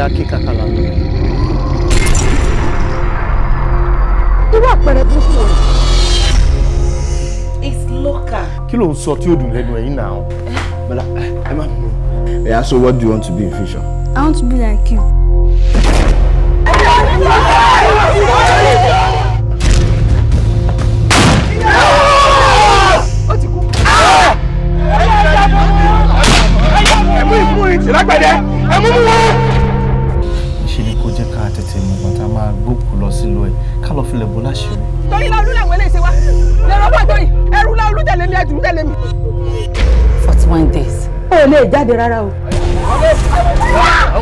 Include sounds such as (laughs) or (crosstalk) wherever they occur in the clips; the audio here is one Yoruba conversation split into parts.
bóyá kí kàkà la lọ. irú àpẹẹrẹ burúkú wo ni. it's local. kí ló ń sọ tí ó dùn lẹ́nu ẹ̀yìn náà. Eh? bọ́lá eh, what do you want to be in future. I want to be like you. lè jáde rárá o.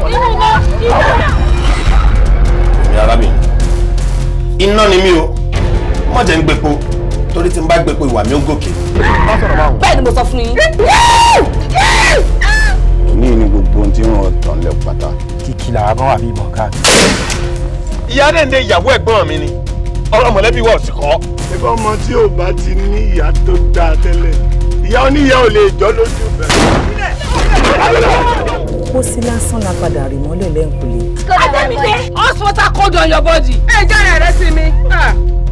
èmi arábìnrin iná ni mí o má jẹ́ ń gbẹpo torí tí n bá gbẹpo ìwà mi ó gòkè. bẹ́ẹ̀ ni mo sọ fún yín. kìnìún ni gbogbo ohun tí ń ràn tán lẹ pátá. kìkì làwọn kan wà bí ìbọn káàkiri. ìyá dẹ̀ ń de ìyàwó ẹ̀gbọ́n mi ni ọ̀rọ̀ mọ̀lẹ́bí wa ò kọ́. ẹ̀fọ́ ọmọ tí ò bá ti ní ìyá tó dáa tẹ́lẹ̀ ìyá oníyà lè jọ́ lójú ó sí lásán la padà rì mọ́lẹ̀ lẹ́ǹkulé. àtẹ̀mídé. hospital cold on your body. ẹ jáde rẹ sí mi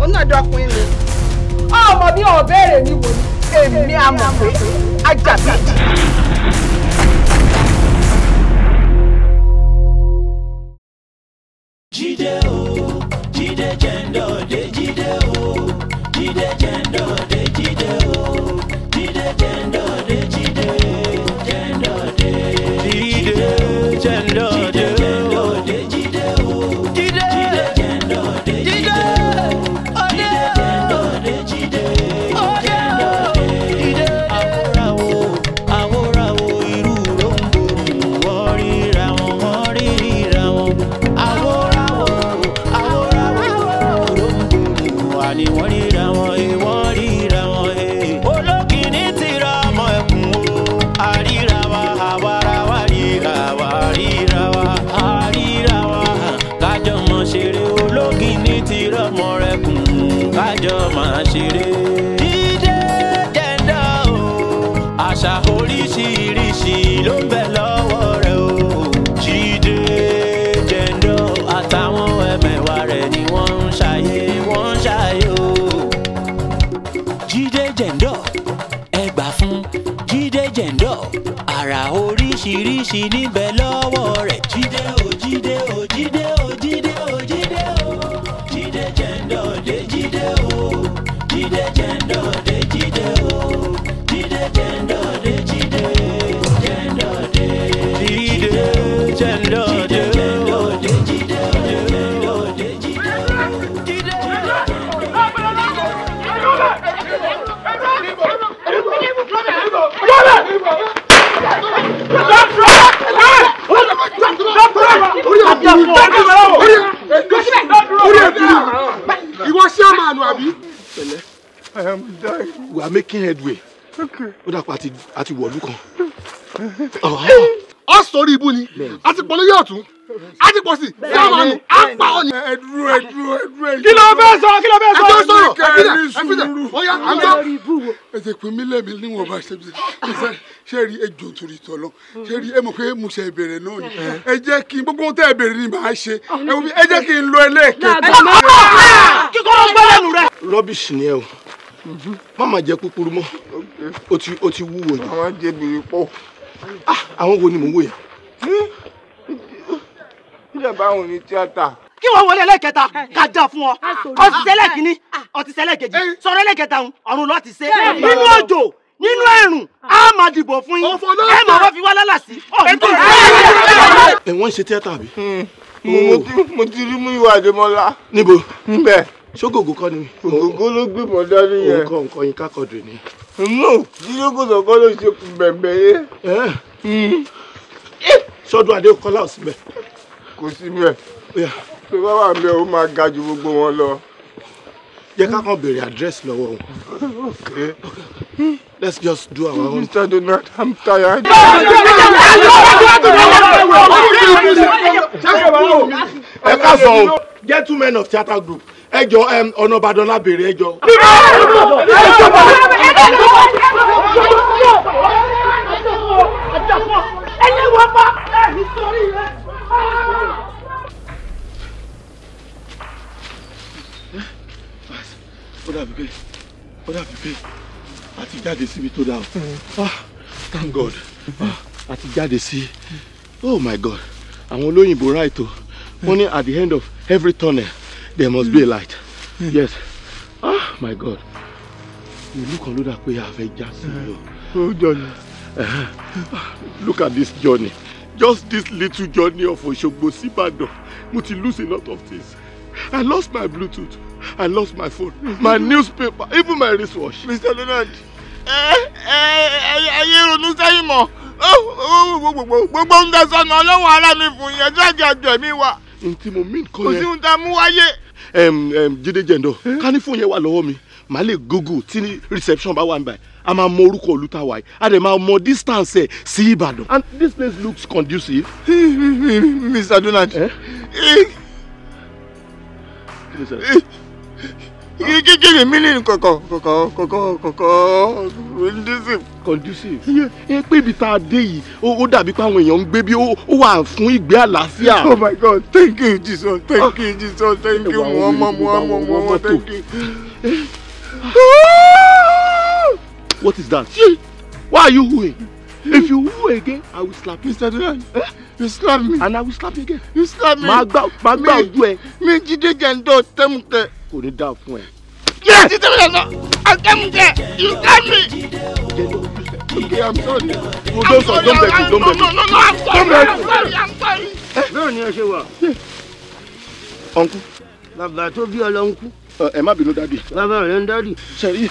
òun náà dọkùnrin mi. ọmọ bí ọ̀bẹ́rẹ̀ mi wò ni èmi àmọ̀ pé ajá bíi. ṣì better. kí ẹ dùn ẹ ó dàpọ̀ àti wọ̀lú kan ọ sọrí ibú ni àti pọ̀ lórí ọ̀tún àti pọ̀ sí sí àwọn àmì àpá ọ̀nì. ẹ dúró ẹ dúró ẹ dúró ẹ dúró. kí ló fẹ́ sọ kí ló fẹ́ sọ. ẹ tó sọ̀rọ̀ ẹ fi dẹ ẹ fi dẹ ó yá à ń ẹ ti pin mí lẹ́mí níwọ̀n bá ṣe bí ṣe ṣe rí ejò torí tọ̀lọ̀ ṣe rí ẹ mọ̀ pé mo ṣe ìbẹ̀rẹ̀ náà ni ẹ jẹ́ kí n gbogbo tẹ́ ẹ bèrè ni màá ṣe ẹ jẹ́ kí n lọ ẹlẹ́ẹ̀kẹ́. kíkọ́ ló gbẹ́lẹ̀ nù rẹ. rọ́bìṣì ni ẹ o má má jẹ kúkúrú mọ́ o ti o ti wúwo yìí. àwọn jẹbìrì pọ̀. Ah, àwọn wo ni mò ń wò yà. Hm? ìjọba àwọn oní tíátà. kí wọ́n wọlé ẹlẹ́kẹta ká dá fún ọ ọtísẹ́ lẹ́kìnní ọtísẹ́ lẹ́kẹjì sọ̀rọ̀ ẹlẹ́kẹta ọ̀run lọ́ọ́ ti ṣe ah, ah. nínú òjò nínú ẹ̀rùn á máa dìbò fún yín ẹ máa wá fi wá lálàsí ọ̀run tó ṣe. ẹ wọ́n ń ṣe tíátà bí. Hm. mo ti rí mú ìwà àdèmọ́lá. níbo. níbẹ̀ ṣógògò kọ́ ni. ògògó ló gbìmọ̀ dání yẹn. òǹkọ nǹkan yín kákọ̀dù ni. no ṣíṣókòtò kọ́ ló ṣe bẹ̀bẹ̀ yẹn. sọ́dún hmm. adé kọ́lá ò síbẹ̀. kò síbẹ̀ tó bá wà bẹ́ẹ̀ ó máa ga ju gbogbo wọn lọ. jẹ́ ká kàn béèrè àdírẹ́sì lọ́wọ́ wọn. okay let's just do our own. Mr. Donald I'm tired. ẹ ká sọ o get two men of theatre group ẹjọ ọ̀nà ìbàdàn lábèrè ẹjọ. ó dàbí pé ó dàbí pé a ti jáde síbi tó dáa o thank god a ti jáde sí oh my god àwọn olóyìnbó right o wọ́n ní at the end of every tunnel there must be a light hmm. yes ah my god You look kan ló dà have a journey, já sí ah, look at this journey just this little journey of Oshogbo, sí Ìbàdàn mo ti lose a lot of things i lost my bluetooth i lost my phone my newspaper even my wristwatch. mr donald Eh, eh. eh sẹ́yìn mọ́ gbogbo ń dasọ́nà ọlọ́wọ́ ara mi fún yẹn jáde àjọ mi wà. ntí mo mí kọ́ yẹn kò sí ohun tá a mú wáyé jíde jẹ̀ndọ̀ ká ní fóònù yẹn wà lọ́wọ́ mi màá lè google tí reception bá wà ń báyìí a máa mọ orúkọ olùta yìí a dẹ̀ máa mọ distance ẹ̀ sí Ìbàdàn and this place looks conducive. (laughs) Mr. Donald. Eh? Eh? kékeré mílíọ̀nù kọ̀kọ̀ kọ̀kọ̀ kọ̀kọ̀ kọ̀kọ̀ conducive. conducive. ẹ pé ibi tá a dé yìí ó dàbí pé èèyàn ń gbé bí ó wà fún ìgbé àlàáfíà. oh my god thank you jesus thank ah. you jesus thank you muhammed muhammed muhammed thank you. Ah. Ah. what is that? why are you hooing? If you woo again, I will slap you. Mr. Duran, eh? you slap me. And I will slap you again. You slap me. Màá gbá màá gbá ojú ẹ. Mi jíde jẹ̀ǹdọ̀ tẹ́mùtẹ́. Kò ní dáa fún ẹ. Yẹ́ jíde jẹ̀ǹdọ̀ àtẹ́mùtẹ́. You slap me. Okay, I'm sorry. Oh, don't sorry, don't beg me, don't beg me. No, no, no, I'm sorry, I'm sorry, I'm eh? sorry. Bẹ́ẹ̀ ni ẹ ṣe wà. Ọ̀nkú. Bàbá tó bí ọlọ́nkú. Ẹ má bínú dádì. Bàbá rẹ̀ ń dádì. Ṣẹ̀rí,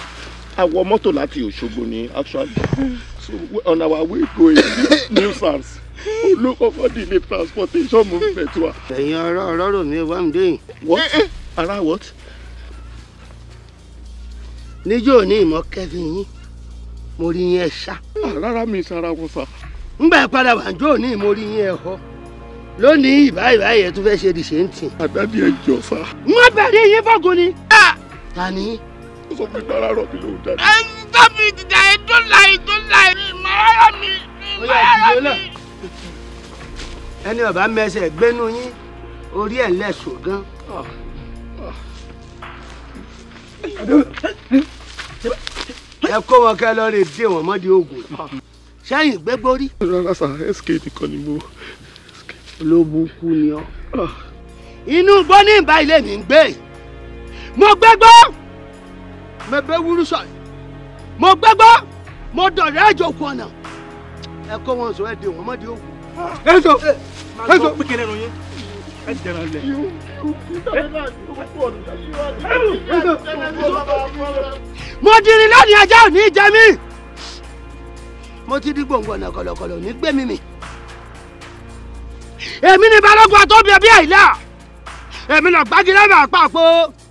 àwọ mọ́tò láti Òṣogbo ni actually. So on our way going, nuisance. (laughs) Look kọ́ di ní transportation movement wa. Ẹ̀yin ọ̀rọ̀ ọ̀rọ̀ rò mí wá mi dé. What? Ara what? Níjó ní ìmọ̀ kẹ́fìn yín, mo rí yín ẹ̀ ṣá. Ah, rárá mi sara wọn sà. Ngbà padà wà jó ní mo rí yín ẹ̀ họ. Lónìí ìbá ìbá yẹn tún fẹ́ ṣe di ṣe ń tì. Àdá ẹ jọ sá. Wọ́n bẹ̀rẹ̀ yín fọ́gun ni. Ah! Ta ni? ó sọ fún mi gbára rọ̀ mi lóhùn dáadáa. ẹ ń sọ mi ìdìjà yẹn tó la yìí tó la yìí ìmọ̀lára mi ìmọ̀lára mi. ẹni ọba mẹsẹ̀ gbénu yín orí ẹ̀ lẹ́sùn gan. ẹ kó wọn kẹ lọ rè dé wọn mọ́dí oògùn sẹ́yìn gbégbórí. rárá sá sk nìkan ni mo. olóbù kú ni ọ. Ah. inú gbọ́ ní ìbá ilé mi ń gbé mo gbégbó mẹ̀bẹ́ wúrú sọ̀rọ̀ mo gbẹ́gbọ́ mo dọ̀rẹ́ ẹ̀jọ̀ kù ọ̀nà ẹ kó wọn sọ ẹ di òun ọmọdé òkú. ẹ sọ eh, ẹ sọ pé kẹlẹ lóyún ẹ jẹrán mo dirin lónìí ajá ò ní í jẹ mí mo ti di gbòǹgbò ọ̀nà kọ̀lọ̀kọ̀lọ̀ ní gbẹ̀mí mi èmi ni balógun àtọ́bí ẹbí àìlá èmi lọ gbági lẹ́bàá pàpọ̀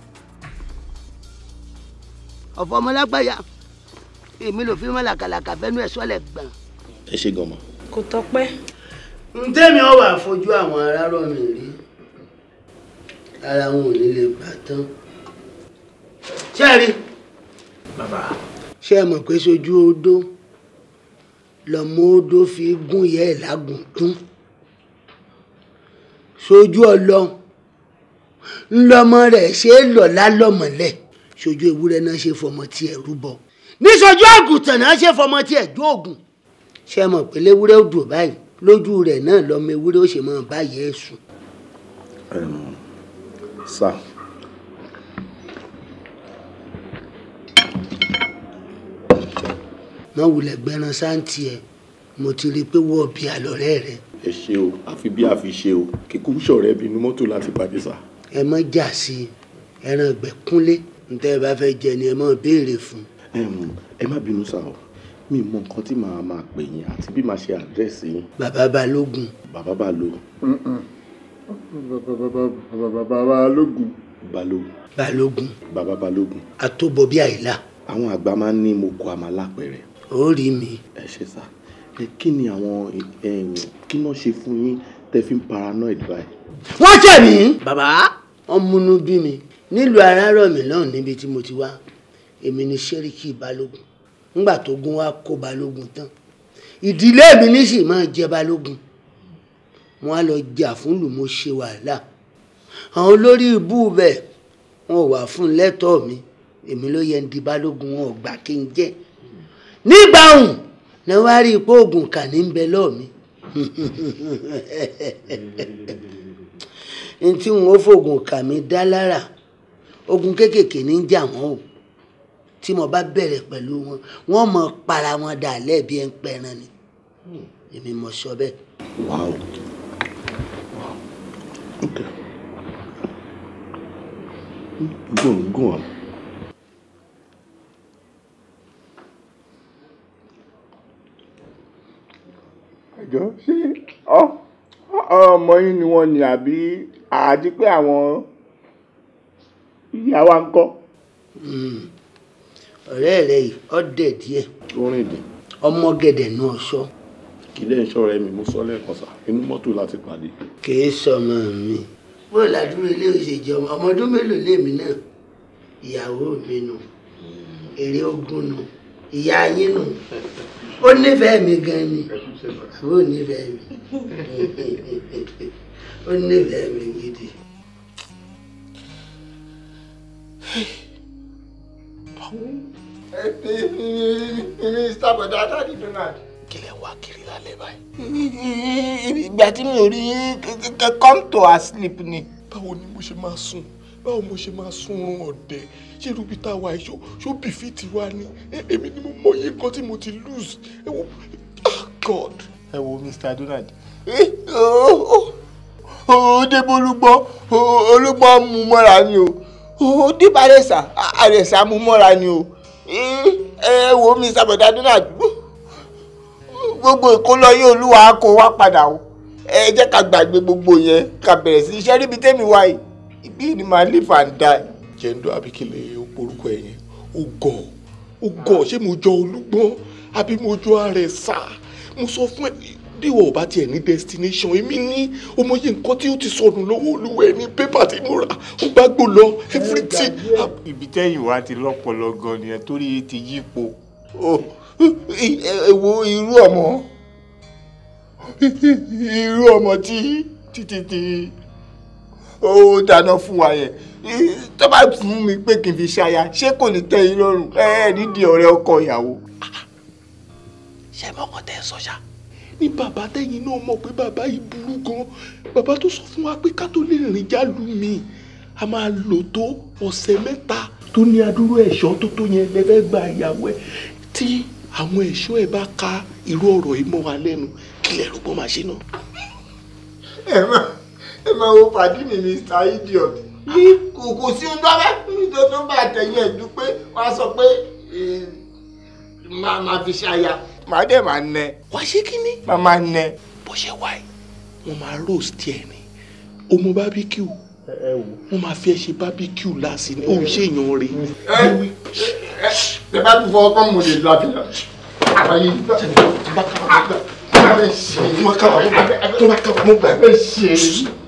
ọ̀fọ̀mọlágbáyà èmi ló fi mọ́làkàlàkà fẹ́nu ẹ̀ sọ́lẹ̀ gbọ̀n. ẹ ṣe gànmọ. kò tọpẹ́. ntẹ́mi ọ wà fojú àwọn arárọ̀ mi rí ara wọn ò ní lè gbà tán. ṣé ẹ rí. bàbá. ṣé ẹ mọ̀ pé sojú odó lọ́mọ odó fi gún ìyá ẹ̀ lágùn sojú ọlọ ńlọmọ rẹ̀ ṣe é lọ lálọ́mọ̀lẹ́ ṣojú ewúrẹ́ náà ṣe fọmọ tiẹ̀ rúbọ níṣojú àgùntàn náà ṣe fọmọ tiẹ̀ dóògùn ṣe mọ̀ pé léwúrẹ́ ó dùn báyìí lójú rẹ̀ náà lọ́mọ ewúrẹ́ ó ṣe mọ̀ báyìí ẹ̀sùn. sà má wulẹ̀ gbẹ́ran sáǹtì ẹ̀ mo ti rí i pé wọ́ọ̀ bí àlọ́rẹ́ rẹ̀. ẹ ṣe o àfi bí a fi ṣe o kíkú sọ̀rọ̀ ẹbí inú mọ́tò láti pàdé sà. ẹ mọ́ jà sí ẹran ìgbẹ́ kúnlé ntẹ́ ẹ bá fẹ́ jẹ ni ẹ máa béèrè fún. ẹ má bínú sá o mi mọ nǹkan tí màá máa pè yín àti bí màá ṣe àdírẹ́sì yín. bàbá balógun. bàbá balógun. bàbá balógun. balógun. balógun. bàbá balógun. àtòbọ̀bí àìlá. àwọn àgbà máa ń ní mo kọ àmàlà pẹ̀rẹ̀. ó rí mi. ẹ ṣe sá kí ni àwọn kí náà ṣe fún yín tẹ fi ń paranoid báyìí. wọ́n jẹ̀ mí. bàbá wọ́n bí mi nílùú arárọ̀mí lọ́hùn níbi tí mo ti wá èmi ni sẹ́ríkì balógun ńgbà tó gún wá kó balógun tán ìdílé mi ní sì máa jẹ balógun wọn á lọ jà fún lù wàhálà àwọn olórí ibú bẹ wọn wà fún lẹ́tọ̀ọ́ mi èmi ló yẹ ń di balógun wọn ò gbà kí n jẹ nígbàhùn náà wá rí ipò oògùn kà ní bẹ lọ́ọ̀ mi (laughs) n tí wọn ó fògùn kà mí dá lára ogun kéékèèké ní jà wọ́n o tí mo bá bẹ̀rẹ̀ pẹ̀lú wọn wọ́n mọ para wọn dà lẹ́ẹ̀bí ẹ̀ ń pẹran ni èmi mo sọ bẹ́ẹ̀. ẹjọ ṣé ọ ọmọ yín ni wọ́n ní àbí àti pé àwọn ìyá wa ń kọ́. Hmm. ọ̀rẹ́ rẹ yìí ọ́ dẹ̀ díẹ̀. orin dè. ọmọ gẹ̀dẹ̀ náà sọ. kì í dẹ́n sọ̀rọ̀ ẹ̀mí mo sọ lẹ́ẹ̀kan sá inú mọ́tò láti pàdé. kì í sọmọ mi bóyá ládùúgbò ilé òṣèjì ọmọ ọmọ ọdún mélòó lèmi náà ìyàwó mi nù èrè ogun nù ìyá yín nù ó nífẹ̀ẹ́ mi gan ni ó nífẹ̀ẹ́ mi (laughs) ó nífẹ̀ẹ́ mi gidi. Mr. Bọ̀dá Dáàdì Donald. Kí lẹ wá kiri lálẹ́ báyìí? Ìgbà tí mi ò rí come to her sleep ni. Báwo ni mo ṣe máa sùn? Báwo mo ṣe máa sùn oorun ọ̀dẹ̀? Ṣé irú bí táwa yìí ṣó bìfìtì wa ni? Èmi ni mo mọyì nǹkan tí mo ti lose. Ẹ wo God. Ẹ wo Mr. Donald. Ó dé bó olúgbọ́n olúgbọ́n mú mọ́ra ni o ó dìbò àrẹ̀sà àrẹ̀sà mú mọ́ra ni o hmm, ẹ wo mi sábọ̀dá dúnà gbogbo ìkólọ yóò lúwa kó wá padà o ẹ jẹ́ ká gbàgbé gbogbo yẹn ká bẹ̀rẹ̀ sí iṣẹ́ níbi tẹ́mi wá yìí ìbí ni màá lè fà ń da. jẹ́ńdọ́ abikile ó porúkọ ẹ̀yẹn ó gọ̀ ó gọ̀ ṣé mo jọ olúgbọ́n àbí mo jọ àrẹ̀sà mo sọ fún ẹ díwọ̀ ò bá tiẹ̀ ní destination èmi ní ọmọye nǹkan tí ó ti sọnù lọ́wọ́ olúwa ẹni pépà tí mo rà ó gbàgbó lọ everything. ibi tẹ́yìn wá ti lọ́pọ̀lọ́ gan ni ẹ torí ti yípo. Oh, ẹ wo irú ọmọ irú ọmọ tí títí tí ó dáná fún wa yẹn tó bá fún mi pé kí n fi ṣaya ṣé kò ní tẹ́ yín lọ́rùn ẹ ẹ nídìí ọ̀rẹ́ ọkọ ìyàwó. ṣé mọ́kàn tẹ́ ẹ sọ́jà. So ní bàbá tẹ́yìn náà mọ̀ pé bàbá yìí burú gan bàbá tó sọ fún wa pé ká tó lè rìn jálù mi a máa lò tó ọ̀sẹ̀ mẹ́ta tó ní adúrú ẹ̀ṣọ́ tó tó yẹn lẹ́fẹ́ gba ìyàwó ẹ̀ tí àwọn ẹ̀ṣọ́ ẹ̀ bá ka irú ọ̀rọ̀ yìí mọ́ wa lẹ́nu kí lẹ̀ rògbọ́n máa ṣe náà. ẹ má ẹ má wo pàdé mi Mr Idiot ní kòkò sí ohun dábẹ́ nítorí tó bá tẹ̀yìn ẹ̀ dúpẹ́ wọ́n sọ pé eh, máa fi ṣe àyà màá dẹ̀ máa nẹ. wàá ṣe kí ni. màá máa nẹ. bó ṣe wà yìí wọ́n máa roast ẹ̀ ni o barbecue wọ́n máa fi ẹ ṣe barbecue láàsì ni òun ṣe èèyàn rè. ẹ ẹ ẹ bá tún fọwọ́ kán mo lè lọ àbílà àbáyé tó bá kàwá mo gbà tó bá kàwá tó bá kàwá mo gbà bẹ́ẹ̀ ṣe é.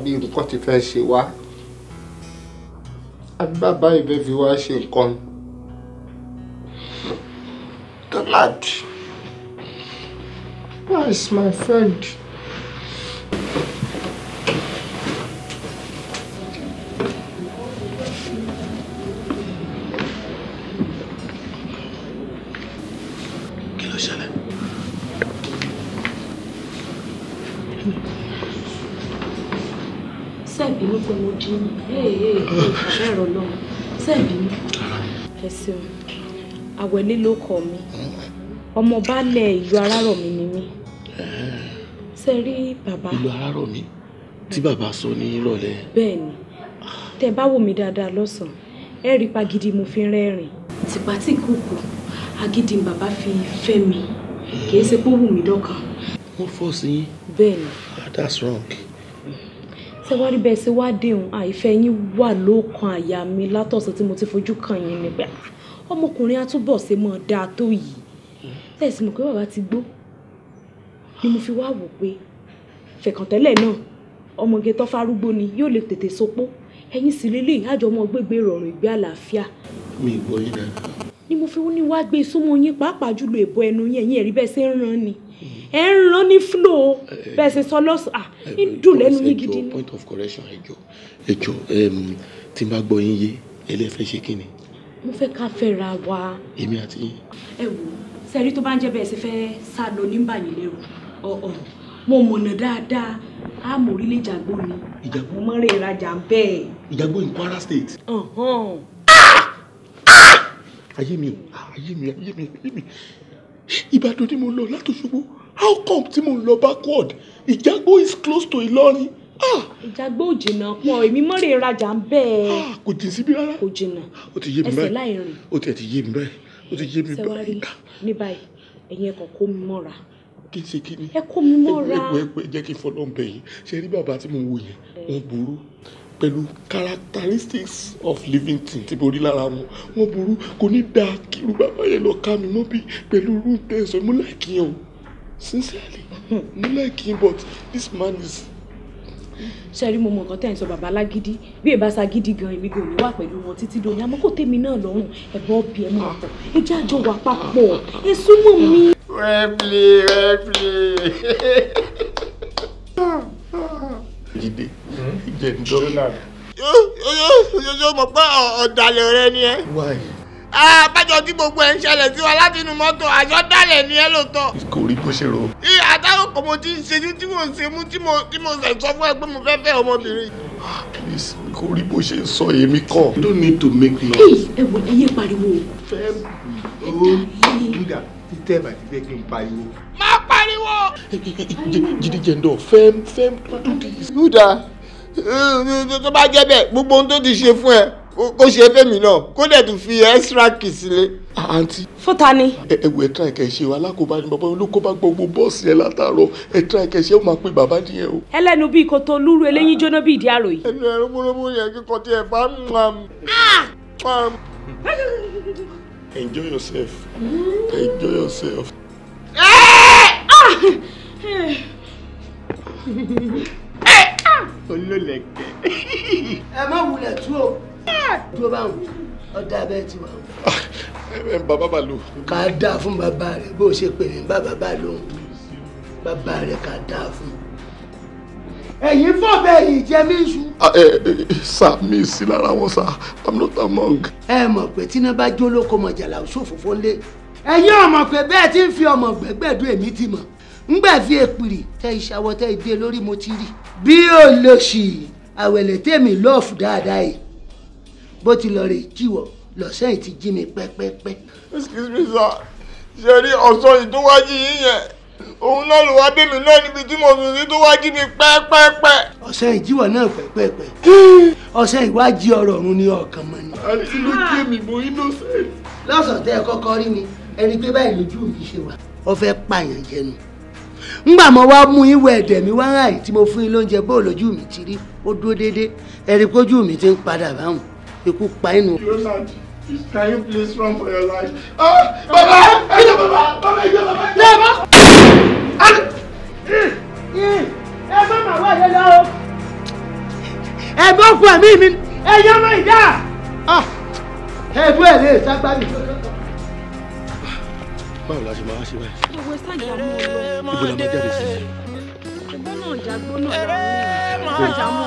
àbí nǹkan ti fẹ́ ṣe wá àbí bàbá ìbẹ́ fi wá ṣe nǹkan Donald where is my friend. ẹ̀rọ lọ́wọ́ sẹ́ẹ̀bì mi ẹ ṣeun àwẹ̀lé ló kọ mi ọmọ baálẹ̀ ìlú arárọ̀ mi ni mí ṣe rí bàbá. ìlú arárọ̀ mi tí bàbá sọ ní ìrọ̀lẹ́. bẹ́ẹ̀ni tẹ bá wò mí dáadáa lọ́sàn-án ẹ rí pagidi mo fi rẹ́rìn. tìpá tí kòkò agídí ni bàbá fi fẹ́ mi kì í ṣe pé ó wù mí dọ́kan. wọ́n fọ́ sí yín. bẹ́ẹ̀ni. Ah, that's wrong tẹ wá rí bẹ́ẹ̀ ṣe wá déhùn àìfẹ́ yín wà lóòkan àyà mi látọ̀sẹ̀ tí mo ti fojú kàn yín nígbà ah, ọmọkùnrin atúbọ̀ ṣe mọ́ dáa tó yìí tẹ̀sí mọ̀ pé bàbá ti gbó ni mo fi wá wò pé fẹ̀kàntẹ́lẹ̀ náà ọmọge tó fárúgbó ni yóò lè tètè sopó ẹ̀yìn sì lélẹ̀ àjọ ọmọ gbégbé rọrùn ìgbé àlàáfíà. mi ìbò yín dẹ. ni mo fi ní wá gbé súnmọ́ yín pàápàá jùlọ èbó ẹnu yín ẹ̀yìn ẹ̀rí bẹ́ẹ̀ ṣe ń ràn ni ẹ ń rán ní flow eh, bẹ́ẹ̀ sì sọ lọ́sàn-án ah, eh, ń dùn lẹ́nu eh, yín gidi ni. point of correction ẹjọ ẹjọ tí n bá gbọ́ yín yé ẹlẹ́fẹ́ ṣe kí ni. mo fẹ́ ká fẹ́ra wa. èmi àti yín. ẹ wò sẹ́rí tó bá ń jẹ́ bẹ́ẹ̀ ṣe fẹ́ sá lọ nígbà yìí lérò ọ̀ọ̀ mo mọ̀nà dáadáa a mọ̀ orílẹ̀ ìjàgbó ni ìjàgbó mọ́ rẹ̀ ìrajà bẹ́ẹ̀. ìjàgbó in Kwara State. ayé mi o ah, ayé mi ayé mi ayé mi Ìbàdàn ni mo lọ látòṣogbo how come tí mo ń lọ backward ìjágbó is close to ìlọrin. Ah! ìjágbó ò jìnnà pọ̀ èmi mọ́rẹ̀ ìrajà ń bẹ́ẹ̀. Ah! kò jìn síbi rárá kò jìnnà ẹsẹ̀ láì rìn. ó tiẹ̀ ti yé mi báyìí ó ti yé mi báyìí. sẹ́wárí ní báyìí ẹ̀yin ẹ̀kọ́ kó mi mọ́ra kí n ṣe kí ni. ẹ kó mi mọ́ra ẹ wo ẹ kí n fọlọ́ ń bẹ̀ yìí ṣe rí bàbá tí mo wò yẹn wọ́n burú pẹ̀lú characteristics of living thing tí mo rí lára wọn wọ́n burú kò ní dáa kí irú bàbá yẹn lọ ká mi mọ́ bí pẹ̀lú irú tẹ̀sán mo láì kí yẹn o sincerely mo like him but this man is. ṣe rí mo mọ nǹkan tẹ́ ẹ̀ ń sọ bàbá alágídí bí èèbá sagídí gan èmi gan ò ní wà pẹ̀lú wọn títí dòní àmọ́ kò tèmi náà lọ́rùn ẹ̀bọ́ ọbẹ̀ ẹ̀mú ọ̀pọ̀ ìjà àjọ wà papọ̀ èso mọ̀ mi. rẹ́pìlì rẹ́pìlì. jíde jẹ́ ń dọ́. yóò yóò yóò mọ̀ pé ọ̀dàlẹ̀ rẹ ni ẹ. wáyé àbájọ tí gbogbo ẹ̀ ń ṣẹlẹ̀ sí wa láti inú mọ́tò àjọdálẹ̀ ni ẹ ló tọ́. kò rí bó ṣe rò. iye àtàwọn kò mo ti ń ṣe tí mò ń ṣe mú tí mo ṣe sọ fún ẹ pé mo fẹ́ fẹ́ ọmọbìnrin. Ah, please kò rí bó ṣe sọ èmi kọ. you don't need to make noise. ẹ wo ẹ yé pariwo. fẹ́ẹ́ o oh, dúdà títẹ́ bàtí fẹ́ kí n pariwo. má pariwo. jíde jẹ́ndọ̀ fẹ́ẹ́ fẹ́ẹ́ dúdà. tó bá jẹ́ bẹ́ẹ̀ gbogbo ohun tó ti ṣe fún ẹ kó ṣe fẹ́mi náà kó dẹ̀ tún fi extra kì sílé. àǹtí. Ah, fún ta ni. ẹ wo ẹ tíra ẹkẹ ṣe wa alákòóbá ni bàbá olóko bá gbọ́ gbogbo bọ́ọ̀sì yẹn látàárọ̀ ẹ tíra ẹkẹ ṣe ó máa pe bàbá nìyẹn o. ẹlẹ́nu bíi kòtò olúru eléyín jóná bíi ìdí àrò yìí. ẹnu ẹrú múlòmú yẹn kíkọ tí ẹ bá ń wà ah! mú. enjoy yourself enjoy yourself. Eh! Ah! (laughs) olólẹ̀kẹ́. ẹ má wulẹ̀ tú o dúró báwọn ọ̀dà abẹ́ ti wà. Ah, bàbá bàlù. kà á dáa fún bàbá rẹ bó o ṣe pè ní bàbá bàlù bàbá rẹ kà dáa fún. ẹ̀yin fọ̀bẹ yìí jẹ mí iṣu. Ah, eh, eh, sá mi sí lára wọn sá i'm not among. ẹ mọ̀ pé tíná bá jó lóko mọ̀jàlá ṣòfófó ńlẹ̀ ẹ̀yin ọmọ pé bẹ́ẹ̀ ti ń fi ọmọ gbẹ́gbẹ́dún èmi ti mọ̀ ngbà fi èpìrì tẹ ìṣàwọ̀ tẹ lórí mo ti rí bí olóṣì àwẹ̀lẹ̀ tèmi lọ́ọ̀fù dáadáa yìí bó ti lọ rè jíwọ lọ́sẹ̀ yìí ti jí mi pẹ́pẹ́pẹ́. excuse me sir ṣe rí ọ̀sán yìí tó wá jí yín yẹn òun náà ló wá dé mi náà níbi tí mo sùn sí tó wá jí mi pẹ́pẹ́pẹ́. ọ̀sẹ̀ yìí jíwọ náà pẹ́pẹ́pẹ́ ọ̀sẹ̀ yìí wá jí ọ̀rọ̀ ọ̀run ní ọ̀kan mọ́ ni. àti ló jí èmi mo innocent. lọ́sàn-án tẹ́ ẹ kọ́kọ́ rí mi ẹni pé báyìí lójú mi ṣe wà ọ fẹ́ pààyàn jẹnu ngbà mo wá mú ìwé ẹ̀dẹ̀ mi wá ráì tí mo fún yín lóúnjẹ bó lójú mi ti rí ó dúró déédéé ẹ̀rí pójú mi ti ń padà báwọn ikú pa inú. Can you please run for your life? Ah! Baba! Baba! baba! Baba ẹjọ baba! Lé bá! Ẹ bá màá wà lé lọ. Ẹ bá fún ẹ̀mí mi. Ẹ yá mọ́ ìdá. Ah, ẹ bú ẹ̀ lé ságbádì. Báwo la ṣe máa ṣe báyìí? Ìwé sáàjì àmú lọ. Ibo la máa jáde sí? Ìgbóná ìjàgbóná ìjàmú.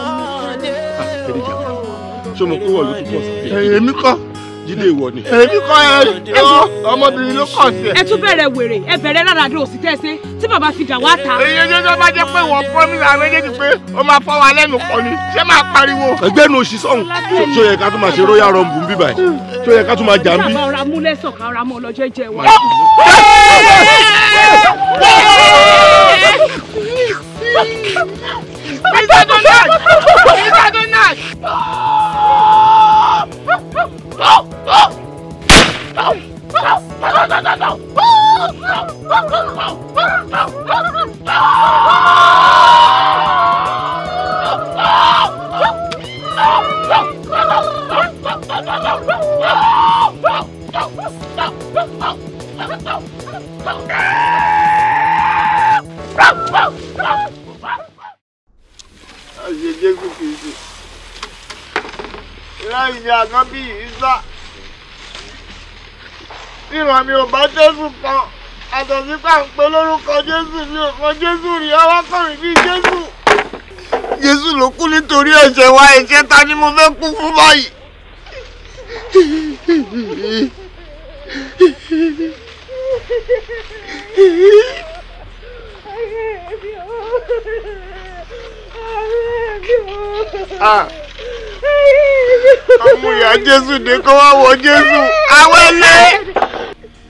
Ìjàmú ṣé mo kó wọ̀ ló tún pọ̀ sí. èmi kọ́ jíde ìwọ ni. èmi kọ́ ẹ ọ ọmọbìnrin ló kàn sí ẹ. ẹ tún bẹ̀rẹ̀ wèrè ẹ bẹ̀rẹ̀ ládàá òsì tẹ́sẹ̀ tí bàbá fi dà wá ta. èyí ẹjọ́ tó bá jẹ́ pé wọ́n promise àwọn méjèèjì pé ó máa fọ́ wa lẹ́nu pọ̀ ni ṣé máa pariwo. ẹgbẹ́ nu oṣù sọ̀hún tó yẹ ká tún máa ṣe royal rumble ń bí báyìí tó yẹ ká tún máa jà ń bí. ọ̀rọ̀ amúlẹ̀ sọ̀kan ọ̀rọ̀ amú ọlọ́jọ́ jẹ wa. Mr. Donald! Mr. Donald! Oh! lẹ́yìn ànábì ìsá ìran mi ò bá jésù kan àtọ̀sí pàǹpẹ́ lórúkọ jésù mi ò jésù rí arákùnrin bíi jésù. jésù ló kú nítorí ẹ̀ṣẹ̀ wa ẹ̀ṣẹ̀ ta ni mo fẹ́ kú fún báyìí. Ah àwọn ìyá jésù dé kó wá wọ jésù àwọn ẹlẹ.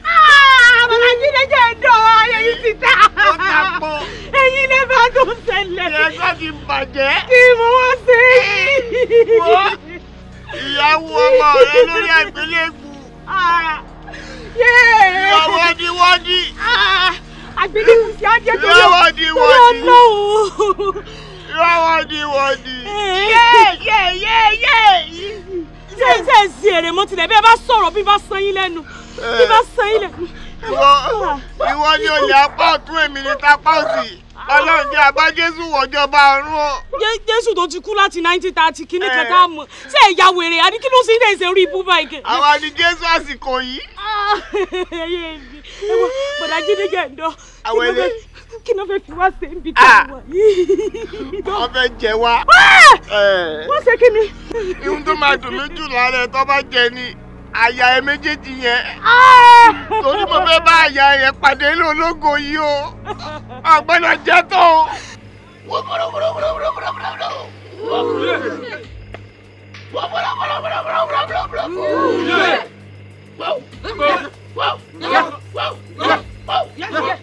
Ah, bàbá jíde jẹ́ ẹ̀dọ́ ẹyin ti ta ẹyin lè bá tó ṣẹlẹ̀. ẹ̀ka ti bàjẹ́. kí mo wá sí. ìyàwó ọmọ rẹ lórí àgbélébù. Ah, ìyàwó ni wọ́n ní. àgbélébù sí ajé tó lọ lọ́wọ́. Yeah yeah yeah yeah. sin èrè mọ́ tilẹ̀ bí ẹ bá sọ̀rọ̀ bí bá san yín lẹ́nu bí bá san yín lẹ́nu. ìwọ ni olè apá ọ̀tún èmi ní tapá òsì ọlọ́run jẹ́ abá jésù wọ̀jọba ọ̀run o. jésù tó ti kú láti nineteen thirty kí ní kẹta mọ̀ ṣé ìyá wèrè àní kí ló sì ń lè ṣe orí ibú báyìí. àwa ni jésù àsìkò yìí. Ah, (laughs) ẹyẹ ẹyẹ ẹwà bọ̀dá jídé jẹ́ ǹdọ́. àwọn kí ló fẹ́ fi wá ṣe ń bi tó wà yìí. wọ́n fẹ́ jẹ wá. Ah! Eh. wọ́n ṣe kí ni. ihun tó máa dùn mí jù lára ẹ̀ tó bá jẹ ni àyà ẹ méjèèjì yẹn ah! torí mo fẹ́ bá àyà yẹn pàdé ní ológo yìí o àgbàdo jẹ́ tó o. wọ́n bọ̀rọ̀ bọ̀rọ̀ bọ̀rọ̀ bọ̀rọ̀ bọ̀rọ̀ bọ̀rọ̀ wọ́n bọ̀rọ̀ bọ̀rọ̀ bọ̀rọ̀ bọ̀rọ̀ bọ̀rọ̀ bọ̀rọ̀ bọ̀rọ̀ wọ́n.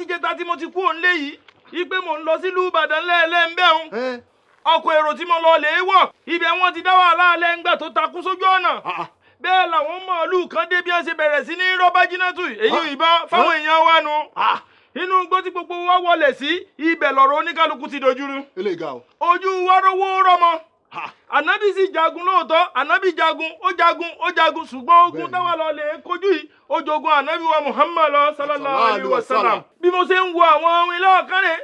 àtijẹta tí mo ti kú òun lé yìí ipe mò ń lọ sílùú ìbàdàn lẹ́ẹ̀lẹ́ńbẹ̀hún ọkọ̀ èrò tí mo lọ lè wọ̀ ibẹ̀ wọn ti dá wàhálà alẹ́ ńgbà tó takú sójú ọ̀nà ah, ah. bẹ́ẹ̀ làwọn mọ̀ọ́lù kan dé bí wọ́n ṣe bẹ̀rẹ̀ sí ní rọ́bà jínátù èyí ìbọn ah, fáwọn èèyàn wa nu inú igbó tí gbogbo wa wọlé sí ibẹ̀ lọ̀rọ̀ oníkálukú ti dojúrú ojú wa rówó rọmọ anabi si jagun lóòótọ́ anabi jagun ó jagun ó jagun ṣùgbọ́n ogun táwa lọ lè kojú yìí ó wa muhammad lọ sallallahu alayhi wa sallam bí mo ṣe ń wo àwọn ohun ilé ọ̀kan rẹ̀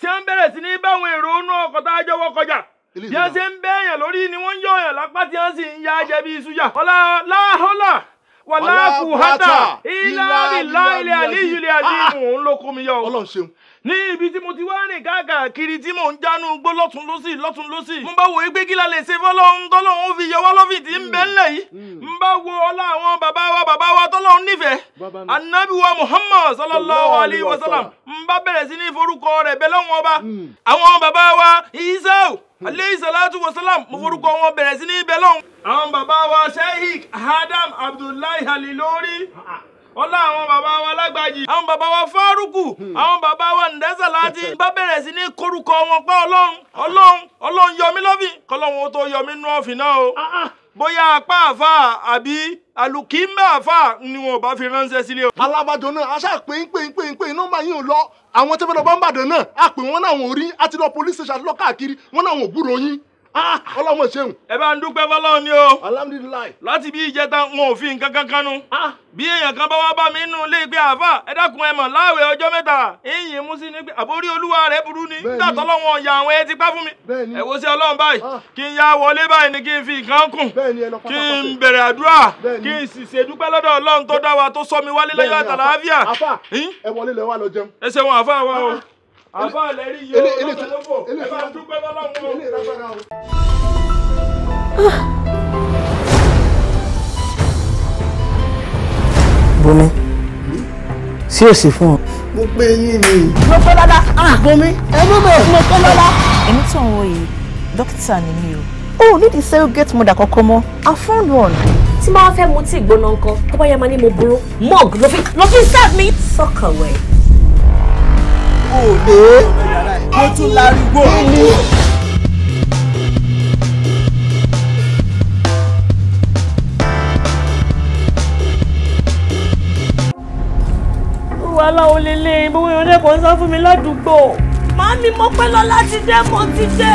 tí wọ́n bẹ̀rẹ̀ sí ní báwọn èrò inú ọkọ̀ tá a jọ bí wọ́n ṣe ni wọ́n ń yọ ọ̀yàn lápá tí wọ́n sì ń ya jẹ bí iṣu yà. ọ̀la ní ibi tí mo ti wá rìn káàkiri tí mò ń jánu gbó lọ́tún lọ́sì lọ́tún lọ́sì. Hmm. mo bá wo igbe kí la lè ṣe fọlọ́run tọ́lọ́run fi yọwọ́ lọ́fì tí ń bẹ hmm. ńlẹ̀ yìí. Hmm. mo bá wo ọlá àwọn bàbá wa bàbá wa tọ́lọ́run nífẹ̀ẹ́. anabi wa muhammad sallallahu alayhi wa sallam n bá bẹ̀rẹ̀ sí ní forúkọ rẹ̀ bẹ́ẹ̀ lọ́wọ́n ọba. àwọn bàbá wa isau aleyhi salatu wa salam mo forúkọ wọn bẹ̀rẹ̀ sí ní bẹ́ẹ̀ àwọn bàbá wa sheikh adam abdullahi halilori. Ah, ah ọlá àwọn bàbá wa lágbàjì àwọn bàbá wa fárúkù hmm. àwọn bàbá wa ǹdẹ́sàláàtì bá bẹ̀rẹ̀ sí ní korúkọ wọn pé ọlọ́run ọlọ́run ọlọ́run yọmí lọ́fìn kọ́lọ́run tó yọmí nú ọ̀fìn náà o ah, ah. bóyá apá àfa àbí alùkìmbà àfa ni wọn ò bá fi ránṣẹ́ sílé o. alábàdàn náà aṣáà pé ń pè ń pè ń pè nọ́mbà yìí ò lọ àwọn tẹ́fẹ́ lọ bá ń bàdàn náà àpè wọn náà wọn ò rí àti lọ police station àti lọ káàkiri wọn náà wọn ò gbúròó yín. Ah! ọlọ́mọ ṣeun. ẹ bá ń dúpẹ́ fọlọ́run ni o. alhamdulilayi. láti bí ìjẹta wọn ò fi nǹkan kan kan nu. Ah! bí èèyàn kan bá wá bá mi nù lé pé àáfà ẹ dákun ẹ mọ̀ láàwẹ̀ ọjọ́ mẹ́ta ẹ̀yìn mú sí ni pé àbórí olúwa rẹ̀ burú ni nígbà tọ́lọ́wọ́n ọ̀yà àwọn ẹ ti pá fún mi. ẹ wo sí ọlọ́run báyìí ah! kí n ya wọlé báyìí ni kí n fi nǹkan kùn kí n wa tó sọ mi wálé láyọ̀ àtàlàáfíà. àfà ẹ wọlé lẹ wá lọ jẹun àbá àlẹ́rí yìí ó lọ́sẹ̀ ló bò ẹ bá dúpẹ́ lọ́lọ́run o. Bomi sí èsì fún ọ. mo pé yín ni. mo pé lọ́la ah, Bomi ẹ mú mi mo pé lọ́la. èmi tó ń wo yìí dókítà ni mi o. o ní di surrogate mother kankan mọ́ I found one tí máa fẹ́ mutí ìgbóná nǹkan tó bá yẹ máa ní mo burú mug ló fi ló fi serve me. suck away òde mo tún lárigbó. wàhálà ò lè lè bó wọn dẹ kàn sá fún mi ládùúgbò. màámi mo pẹ́ lọ láti dé mo ti dé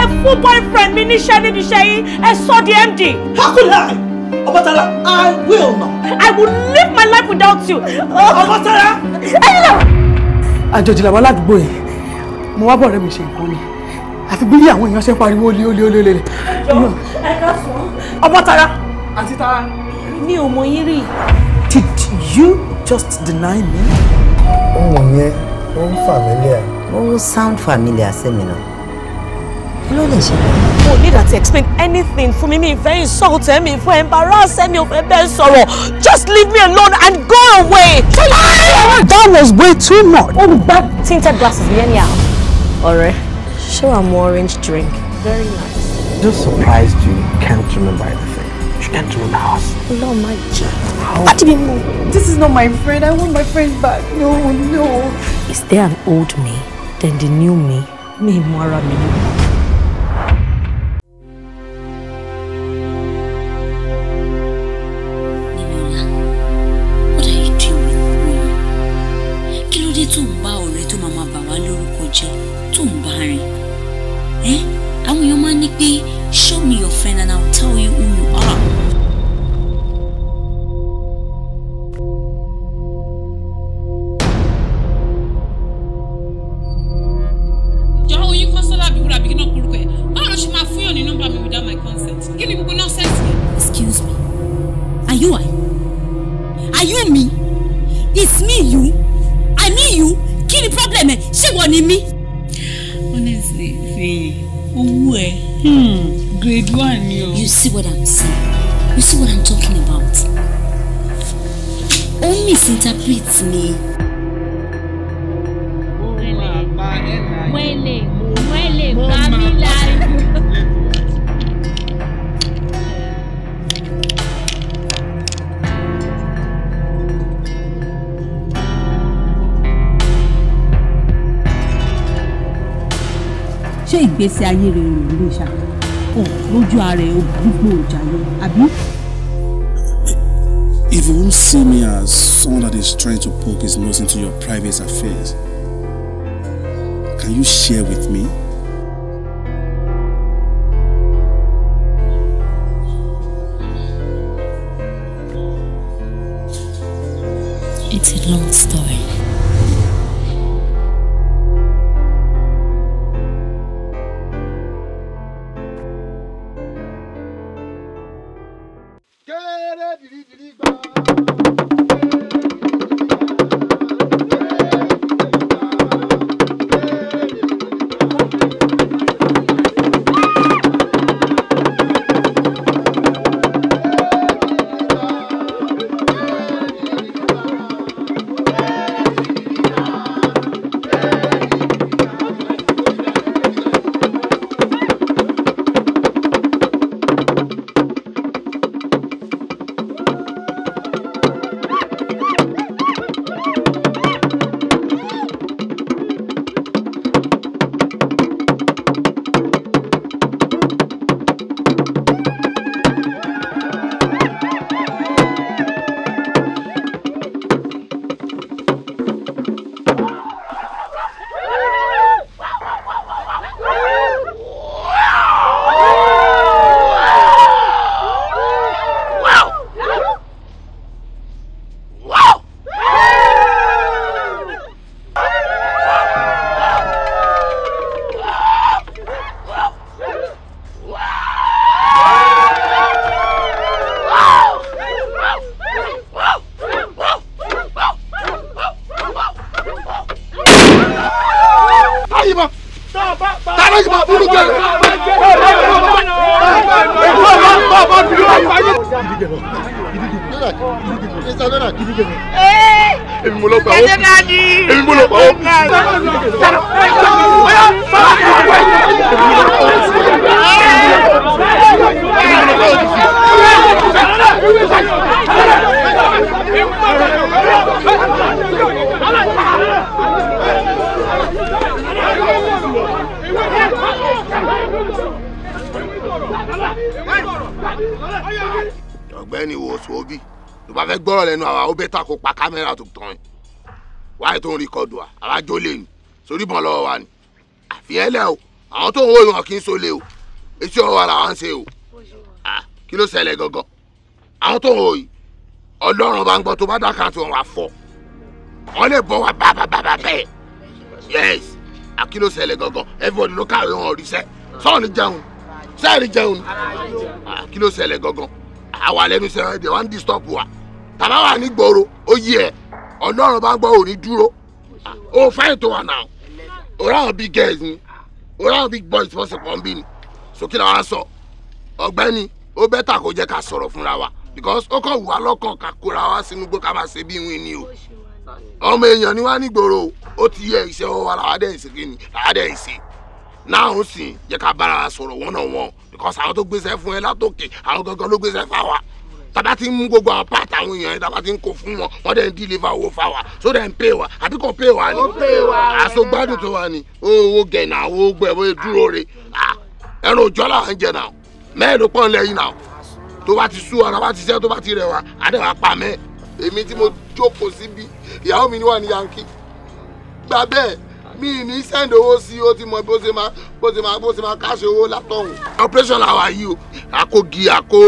ẹ fún boyfriend mi níṣẹ́ níbi iṣẹ́ yìí ẹ sọ di md. how could I? Ọbátálá, I will not. I will live my life without you. Ọbátálá. Ẹyin àjòjì làwọn aládùúgbò yìí mo wá bọ̀ ọ̀rẹ́ mi ṣe nǹkan ni àti bí àwọn èèyàn ṣe ń pariwo olè olè olè olè. ọmọ tara àti tara. mi ò mọ yín rí. did you just deny me. ohun yẹn ó ń familiar. ó sound familiar sí mi náà. kí ló need her to explain anything fún me. mi ìfẹ́ insult ẹ̀ mi ìfẹ́ embarrass ẹ̀ mi ò sorrow. just leave me alone and go away. that was way too much. Oh, bad tinted glasses ní Alright, show him orange drink. very nice. just surprised you can't remember anything. You can't remember us. No, my child. What do you mean? This is not my friend. I want my friend back. No, no. Is there an old me? Then the new me? Me, Moira, me. ayé rẹ̀ rò lè ṣá ọ̀ lójú ara àbí. If you won't see me as someone that is trying to poke his nose into your private affairs, can you share with me? It's a long story. bẹ́tà kó pa kámẹ́rà tó tán ẹ̀ wáyé tó ń rìkọ́dù à àwájọ lè ní sórí bọ́n lọ́wọ́ wa ni àfihàn lẹ̀ o àwọn tó ń wọ́n ìwọ̀n kì í so lé o etí ọwọ́ ara wọn ṣe o kí ló ṣẹlẹ̀ gangan àwọn tó ń wọ́n yìí ọlọ́run bá ń gbọ́ tó bá dákà tó wà fọ́ wọ́n lè bọ́ wa bábàbàbà bẹ́ẹ̀ yes àkí ló ṣẹlẹ̀ gangan everybody ló kàwé wọn ríṣẹ́ sọ́ọ̀nì jẹun sẹ́ẹ̀rì jẹun àkí ló ṣẹlẹ̀ gangan àwa lẹ́nu sẹ́wọ́n ẹ̀dẹ̀ tàbá wà ní gbòòrò ó yí ẹ ọlọ́run bá gbọ́ òní dúró ó fáyìn tó wà náà ó ráwọn big girls ni ó ráwọn big boys wọ́n sì pọ́n bí ni sókè náà wá sọ ọ̀gbẹ́ni ó bẹ́tà kó jẹ́ ká sọ̀rọ̀ fúnra wa because ó kàn wà lọ́kàn ká kóra wá sínú gbó ká máa ṣe bí wín ni o ọmọ èèyàn ni wá ní gbòòrò ó ti yẹ iṣẹ́ wọn wà láwádẹ́ ìṣèké ni láwádẹ́ ìṣe náà ó sì jẹ́ ká bára sọ̀rọ̀ wọ́n náà wọ́n because àwọn tó gbéṣẹ́ fún ẹ látòkè àwọn gangan ló gbéṣẹ́ fáwa tàbá ti ń mú gbogbo àwọn pàtà àwọn èèyàn yẹn tàbá ti ń kó fún wọn wọn dẹ̀ ń deliver owó fáwa so dẹ̀ ń pay wa àbí kò pay wa ni àsogbádùn tó wa ni owó gẹ̀nà owó gbẹ owó dúró re ẹran òjọ́ là ń jẹ náà mẹ́ẹ̀ẹ́dọ́ pọ́n lẹ́yìn náà tó bá ti sú ara bá ti sẹ́ tó bá ti rẹ̀ wá àdẹ̀wà pa mẹ́ẹ̀ èmi tí mo jókòó síbi ìyàwó mi ni wà ní yankí gbà bẹ́ẹ̀ mi ní send owó sí ó ti mọ bó ṣe máa bó ṣe máa bó ṣe máa káṣe owó látọ̀hún. operation làwa yìí o àkógi àkó